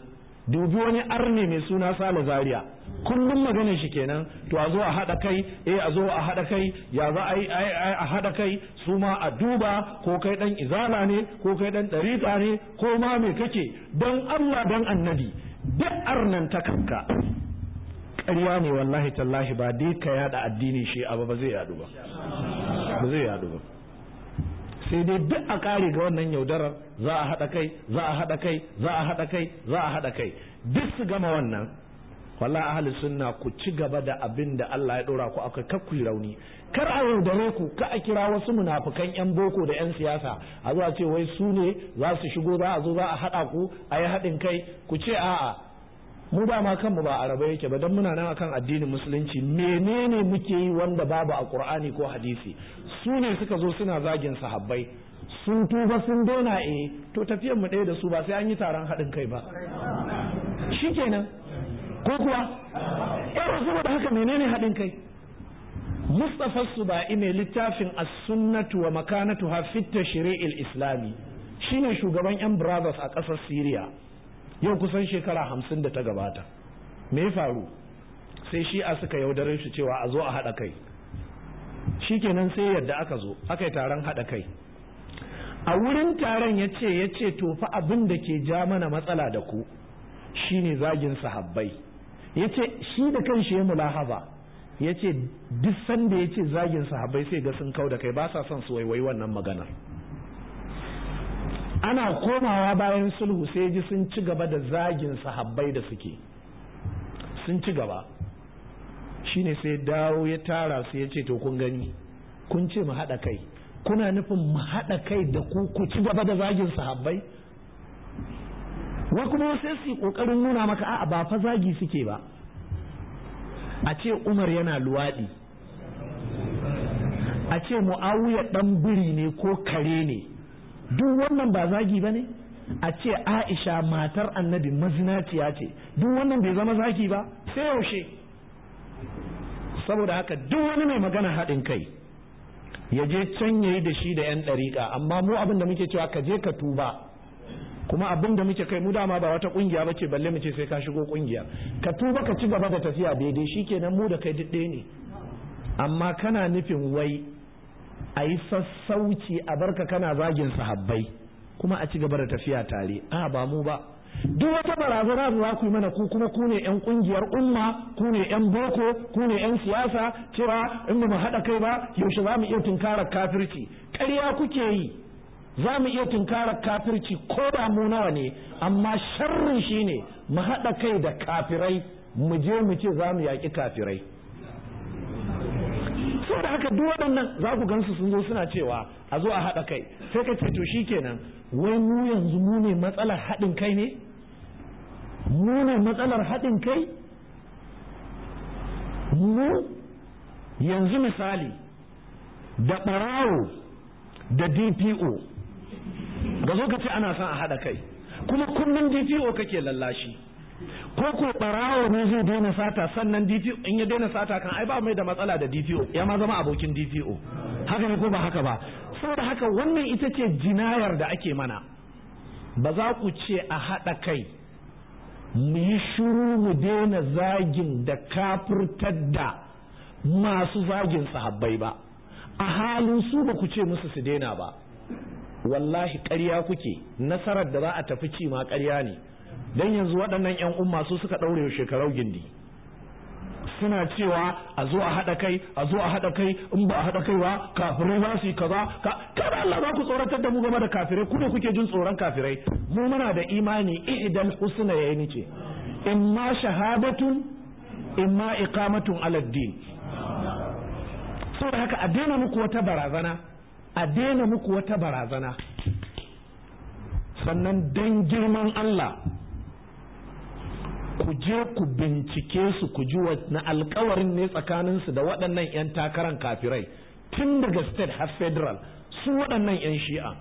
dubi wani arne mai suna sale zaria kullum maganar shi kenan to a zo a haɗa kai eh a zo a haɗa kai ya za a a haɗa kai su ma a duba ko kai ɗan izala ne ko kai ɗan ɗarika ne ko ma me kake dan allah dan annabi duk arnan ta kanka ƙarya ne wallahi tallahi ba dai ka yada addini shi abu ba zai yadu ba ba zai yadu ba sai dai duk a kare ga wannan yaudarar za a haɗa kai za a haɗa kai za a haɗa kai za a haɗa kai duk su gama wannan walla ahli sunna ku ci gaba da abin da Allah ya ɗora ku akai kar ku rauni kar a yaudare ku ka a kira wasu munafukan yan boko da yan siyasa a zuwa ce wai su ne za su shigo za a zo za a haɗa ku a yi haɗin kai ku ce a'a mu ba ma kanmu ba araba yake ba don muna nan akan addinin musulunci menene muke yi wanda babu a qur'ani ko hadisi su ne suka zo suna zagin sahabbai sun tuba sun dona e eh, to tafiyar mu ɗaya da su ba sai an yi taron haɗin kai ba shikenan ko kuwa yau eh, da haka menene haɗin kai Mustapha Suba'i mai littafin as-sunnatu wa makanatuha fit tashri'il islami shine shugaban yan brothers a ƙasar Syria yau kusan shekara hamsin da ta gabata me ya faru sai shi a suka yaudarar shi cewa a zo a haɗa kai shi kenan sai yadda aka zo aka yi taron haɗa kai a wurin taron ya ce ya ce tofa abin da ke ja mana matsala da ku shine zagin sahabbai ya ce shi da kanshi ya mulahaba ya ce duk sanda ya ce zagin sahabbai sai ga sun kau da kai ba sa son su waiwai wannan maganar ana komawa bayan sulhu sai ji sun ci gaba da zagin sahabbai da suke sun ci gaba shine sai dawo ya tara su ya ce to kun gani kun ce mu haɗa kai kuna nufin mu haɗa kai da ku ku ci gaba da zagin sahabbai wa kuma sai su yi ƙoƙarin nuna maka a'a ba fa zagi suke ba a ce umar yana luwaɗi a ce mu'awuyar ɗan biri ne ko kare ne duk wannan ba zagi ba ne a ce aisha matar annabi mazinaciya ce duk wannan bai zama zagi ba sai yaushe saboda haka duk wani mai magana haɗin kai ya je can ya yi da shi da 'yan ɗariƙa amma mu abin da muke cewa ka je ka tuba kuma abin da muke kai mu dama ba wata ƙungiya ba ce balle mu ce sai ka shigo ƙungiya ka tuba ka ci gaba da tafiya daidai kenan mu da kai duk ne amma kana nufin wai a yi sassauci a barka kana zagin sahabbai kuma a ci gaba da tafiya tare a ba mu ba duk wata barazana da za ku yi mana ku kuma ku ne yan kungiyar umma ku ne yan boko ku ne yan siyasa cewa in ba mu haɗa kai ba yaushe za mu iya tunkarar kafirci ƙarya kuke yi za mu iya tunkarar kafirci ko da mu nawa ne amma sharrin shine mu haɗa kai da kafirai mu je mu ce za mu yaƙi kafirai da haka duk waɗannan za ku gansu sun zo suna cewa a zo a haɗa kai sai ka ce to kenan wai mu yanzu mu ne matsalar haɗin kai ne mu ne matsalar haɗin kai mu yanzu misali da ɓarawo da dpo ga zo ka ce ana son a haɗa kai kuma kullum dpo kake lallashi ko ko barawo ne zai daina sata sannan DPO in ya daina sata kan ai ba mai da matsala da DPO ya ma zama abokin DPO haka ne ko ba haka ba saboda haka wannan ita ce jinayar da ake mana ba za ku ce a haɗa kai mu yi shuru mu daina zagin da kafurtar da masu zagin sahabbai ba a halin su ba ku ce musu su daina ba wallahi ƙarya kuke nasarar da za a tafi ci ma ƙarya ne Dan yanzu waɗannan 'yan umma su suka ɗaure shekarau gindi suna cewa a zo a haɗa kai a zo a haɗa kai in ba a haɗa kai ba kafirai ba su yi kaza ka kada Allah za ku tsoratar da mu game da kafirai ku ne kuke jin tsoron kafirai mu muna da imani ihdal husna yayi ce in ma shahadatun in ma iqamatun ala din saboda haka a daina muku wata barazana a daina muku wata barazana sannan dan girman Allah ku je ku bincike su ku ji na alkawarin ne tsakaninsu da waɗannan 'yan takarar kafirai tun daga state har federal su waɗannan 'yan shi'a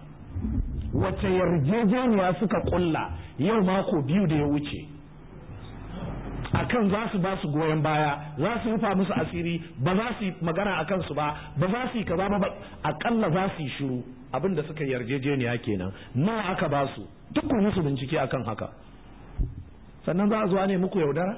wace yarjejeniya suka ƙulla yau mako biyu da ya wuce akan za su ba su goyon baya za su rufa musu asiri ba za su yi magana a kansu ba ba za su yi kaza ba akalla za su yi shiru abin da suka yarjejeniya kenan nawa aka ba su duk musu bincike akan haka sannan za a zuwa ne muku yaudara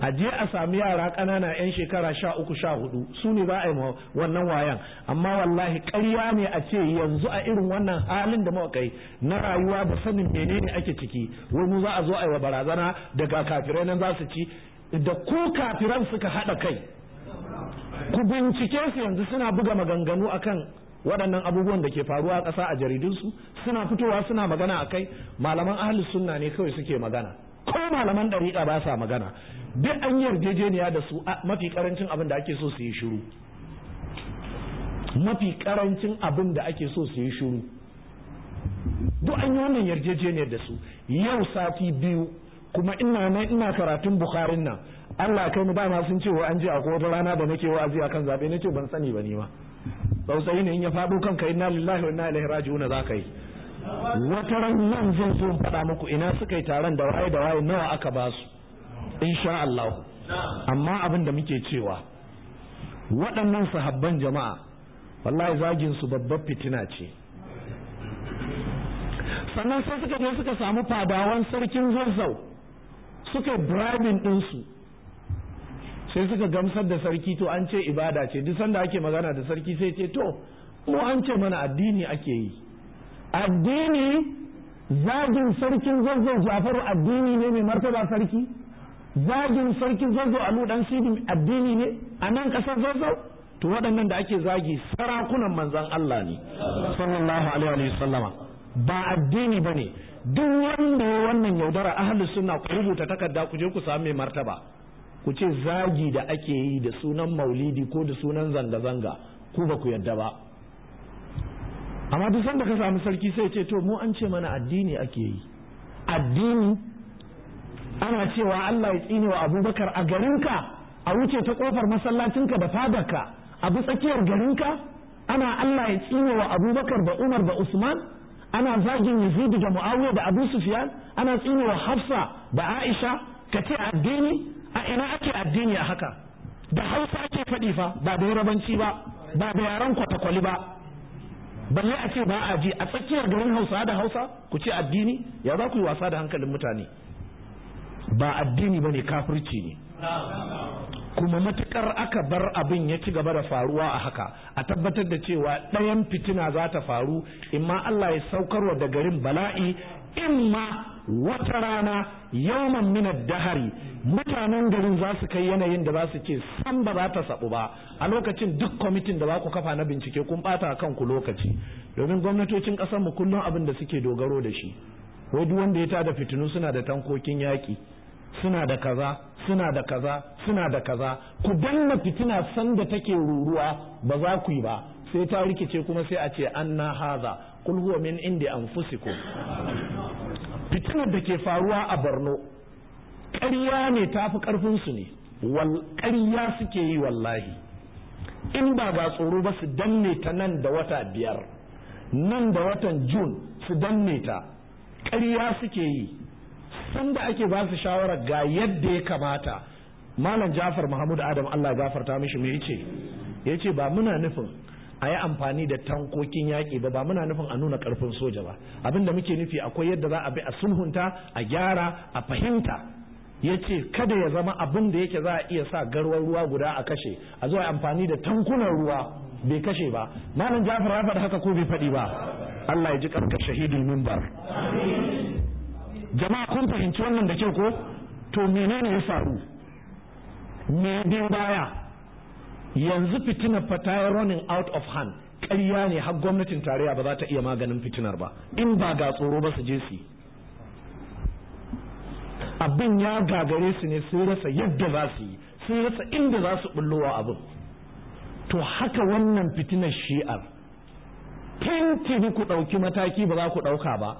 a je a sami yara ƙanana 'yan shekara sha uku sha hudu su ne ba a yi wannan wayan amma wallahi karya ne a ce yanzu a irin wannan halin da mawakai na rayuwa da sanin menene ake ciki wai mu za a zo a yi wa barazana daga kafirai nan za su ci da ku kafiran suka haɗa kai ku bincike su yanzu suna buga maganganu akan waɗannan abubuwan da ke faruwa a ƙasa a jaridunsu suna fitowa suna magana a kai malaman ahli sunna ne kawai suke magana ko malaman ɗariƙa ba sa magana duk an yi yarjejeniya da su mafi ƙarancin abin da ake so su yi shiru mafi ƙarancin abin da ake so su yi shiru duk an yi wannan yarjejeniyar da su yau sati biyu kuma ina nan ina karatun bukharin nan Allah kai mu dama sun ce an ji a kowace rana da nake wa'azi kan zaɓe na nace ban sani ba ni ma tsautsayi ne in ya faɗo kanka inna lillahi wa inna ilaihi raji'un za ka yi wata ran nan zai zo faɗa muku ina suka yi taron da waye da waye nawa aka ba su insha Allah amma abin da muke cewa waɗannan sahabban jama'a wallahi zagin su babbar fitina ce sannan sai suka je suka samu fadawan sarkin zazzau suka bribing ɗinsu sai suka gamsar da sarki to an ce ibada ce duk sanda ake magana da sarki sai ce to mu an ce mana addini ake yi addini zagin sarkin zazzau jafaru addini ne mai martaba sarki zagin sarkin zazzau alu dan sidi addini ne a nan kasar zazzau to waɗannan da ake zagi sarakunan manzan Allah ne sallallahu alaihi wa ba addini bane duk wanda wannan yaudara ahlus sunna ku rubuta takarda ku je ku mai martaba ku ce zagi da ake yi da sunan maulidi ko da sunan zanga-zanga ku ba ku yadda ba amma duk sanda ka sami sarki sai ce to mu an ce mana addini ake yi addini ana cewa Allah ya tsine wa abubakar a garinka a wuce ta kofar masallacinka da fadarka a bi tsakiyar garinka ana Allah ya tsine wa abubakar da umar da usman ana zagin yazidu da muawiya da abu sufyan ana tsine wa hafsa da aisha ka ce addini a ina ake addini a haka da hausa ake faɗi fa ba da yarabanci ba ba da yaran kwatakwali ba balle a ce ba a ji a tsakiyar garin hausa da hausa ku ce addini ya za ku yi wasa da hankalin mutane ba addini ba ne kafirci ne kuma matukar aka bar abin ya ci gaba da faruwa a haka a tabbatar da cewa ɗayan fitina za ta faru in ma Allah ya saukarwa da garin bala'i in ma. wata rana yawman min dahari mutanen garin za su kai yanayin da za su ce san ba za ta sabu ba a lokacin duk kwamitin da za ku kafa na bincike kun bata a kanku lokaci domin gwamnatocin ƙasar mu kullum abin da suke dogaro da shi wai duk wanda ya tada fitinu suna da tankokin yaƙi suna da kaza suna da kaza suna da kaza ku danna fitina sanda take ruruwa ba za ku yi ba sai ta rikice kuma sai a ce an na haza kul huwa min indi anfusikum fitinar da ke faruwa a borno ƙarya ne ta fi ƙarfinsu ne ƙarya suke yi wallahi in ba ga tsoro ba su danne ta nan da wata biyar nan da watan jun su danne ta ƙarya suke yi sanda ake ba su shawarar ga yadda ya kamata malam jafar muhammadu adam allah gafarta mishi ce ya ce ba muna nufin a yi amfani da tankokin yaƙi ba ba muna nufin a nuna ƙarfin soja ba abinda muke nufi akwai yadda za a bi a sulhunta a gyara a fahimta ya ce kada ya zama abin da yake za a iya sa garwar ruwa guda a kashe a zo amfani da tankunan ruwa bai kashe ba malam jafar ya faɗa haka ko bai faɗi ba Allah ya ji ƙarƙar shahidin mimbar jama'a kun fahimci wannan da kyau ko to menene ya faru me biyu baya yanzu fitina fa running out of hand ƙarya ne har gwamnatin tarayya ba za ta iya maganin fitinar ba in ba ga tsoro ba su je su abin ya gagare su ne sun rasa yadda za su yi sun rasa inda za su bullowa abin to haka wannan fitinar shi'ar tintini ku ɗauki mataki ba za ku ɗauka ba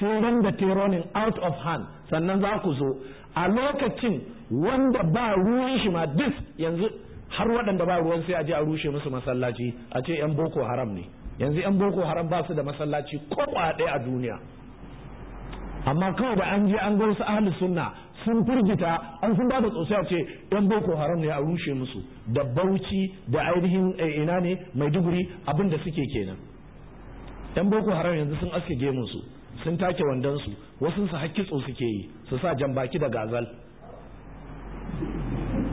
sai ran da running out of hand sannan za ku zo a lokacin wanda ba ruwan shi ma duk yanzu har waɗanda ba ruwan sai a je a rushe musu masallaci a ce yan boko haram ne yanzu yan boko haram ba su da masallaci ko ɗaya a duniya amma kawai da an je an ga wasu ahli sunna sun firgita an sun bada tsosai a ce yan boko haram ne a rushe musu da bauchi da ainihin eh, ina ne mai abin da suke kenan yan boko haram yanzu sun aske gemun su sun take wandon su wasu su hakki tso suke yi su sa jan baki da gazal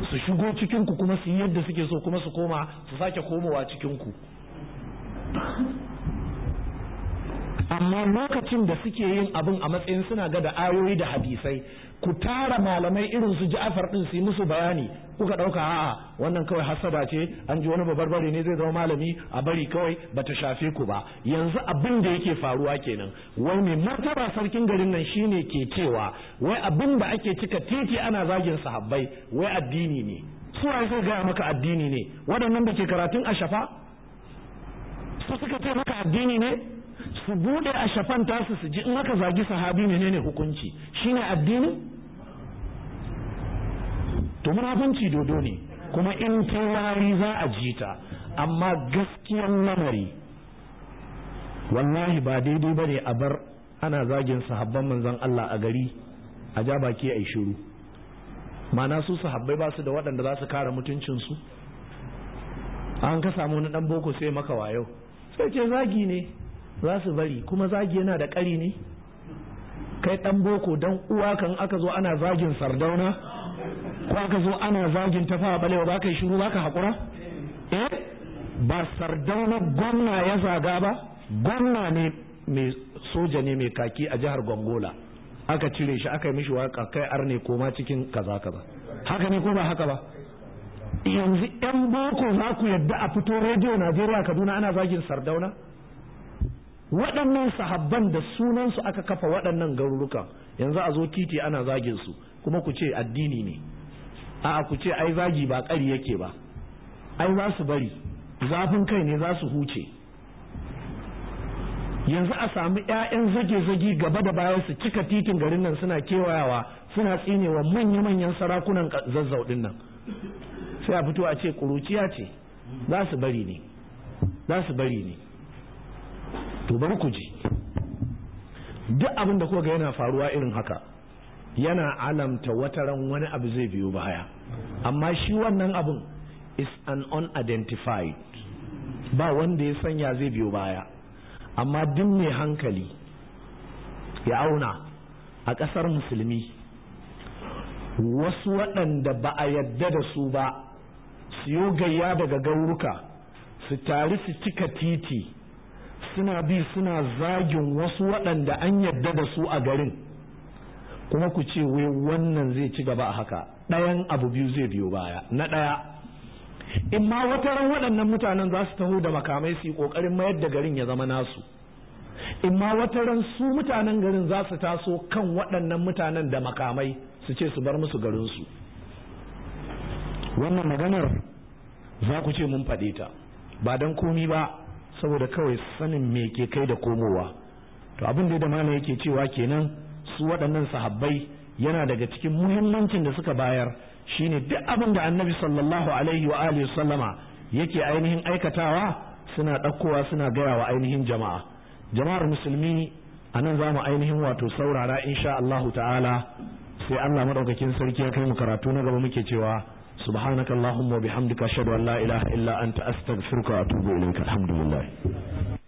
su shigo cikin ku kuma su yi yadda suke so kuma su koma su sake komowa cikin ku amma lokacin da suke yin abin a matsayin suna ga da ayoyi da hadisai ku tara malamai irin su ja'afar din su yi musu bayani kuka ɗauka a'a wannan kawai hasada ce an ji wani babarbare ne zai zama malami a bari kawai ta shafe ku ba yanzu abin da yake faruwa kenan wai mai martaba sarkin garin nan shine ke cewa wai abin da ake cika titi ana zagin sahabbai wai addini ne su wai sai gaya maka addini ne waɗannan da ke karatun ashafa su suka ce maka addini ne su bude a shafan tasu su ji in aka zagi sahabi menene hukunci shine addini to munafunci dodo ne kuma in ta wari za a ji ta amma gaskiyan lamari wallahi ba daidai ba ne a bar ana zagin sahabban manzan Allah a gari a ja baki a yi shiru mana su sahabbai ba su da waɗanda za su kare mutuncinsu an ka samu wani ɗan boko sai maka wayo sai ce zagi ne za su bari kuma zagi yana da ƙari ne kai ɗan boko dan uwa kan aka zo ana zagin sardauna ko aka zo ana zagin ta fa balewa ba ka yi shiru ba ka haƙura eh ba sardaunar gwamna ya zaga ba gwamna ne mai soja ne mai kaki a jihar gongola aka cire shi aka yi mishi waka kai arne koma cikin kaza kaza haka ne ko ba haka ba yanzu yan boko za ku yadda a fito rediyo najeriya kaduna ana zagin sardauna waɗannan sahabban da sunansu aka kafa waɗannan garuruka yanzu a zo titi ana zagin su kuma ku ce addini ne a'a ku ce ai zagi ba ƙari yake ba ai za su bari zafin kai ne za su huce yanzu a samu 'ya'yan zage-zage gaba da baya su cika titin garin nan suna kewayawa suna tsinewa manya-manyan sarakunan zazzaudin nan sai a fito a ce ƙuruciya ce za su bari ne za su bari ne to bari ku ji duk abin da kuka ga yana faruwa irin haka yana alamta wata ran wani abu zai biyo baya amma shi wannan abun is an unidentified ba wanda ya sanya zai biyo baya amma duk mai hankali ya auna a ƙasar musulmi wasu waɗanda ba a yadda da su ba siyo gayya daga gauruka su tari su cika titi suna bi suna zagin wasu waɗanda an yadda da su a garin kuma ku ce wai wannan zai ci gaba a haka ɗayan abu biyu zai biyo baya na ɗaya in ma wata ran waɗannan mutanen za su taho da makamai su yi ƙoƙarin mayar da garin ya zama nasu in ma wata ran su mutanen garin za su taso kan waɗannan mutanen da makamai su ce su bar musu garin su wannan maganar za ku ce mun faɗe ta ba don komi ba saboda kawai sanin me ke kai da komowa to abin da da mana yake cewa kenan su waɗannan sahabbai yana daga cikin muhimmancin da suka bayar shine duk abin da annabi sallallahu alaihi wa alihi sallama yake ainihin aikatawa suna ɗaukowa suna gaya wa ainihin jama'a jama'ar musulmi a nan za mu ainihin wato saurara insha Allahu ta'ala sai Allah maɗaukakin sarki ya kai mu karatu na gaba muke cewa subhanaka allahumma bihamdika ashhadu an la ilaha illa anta astaghfiruka wa atubu ilayka alhamdulillah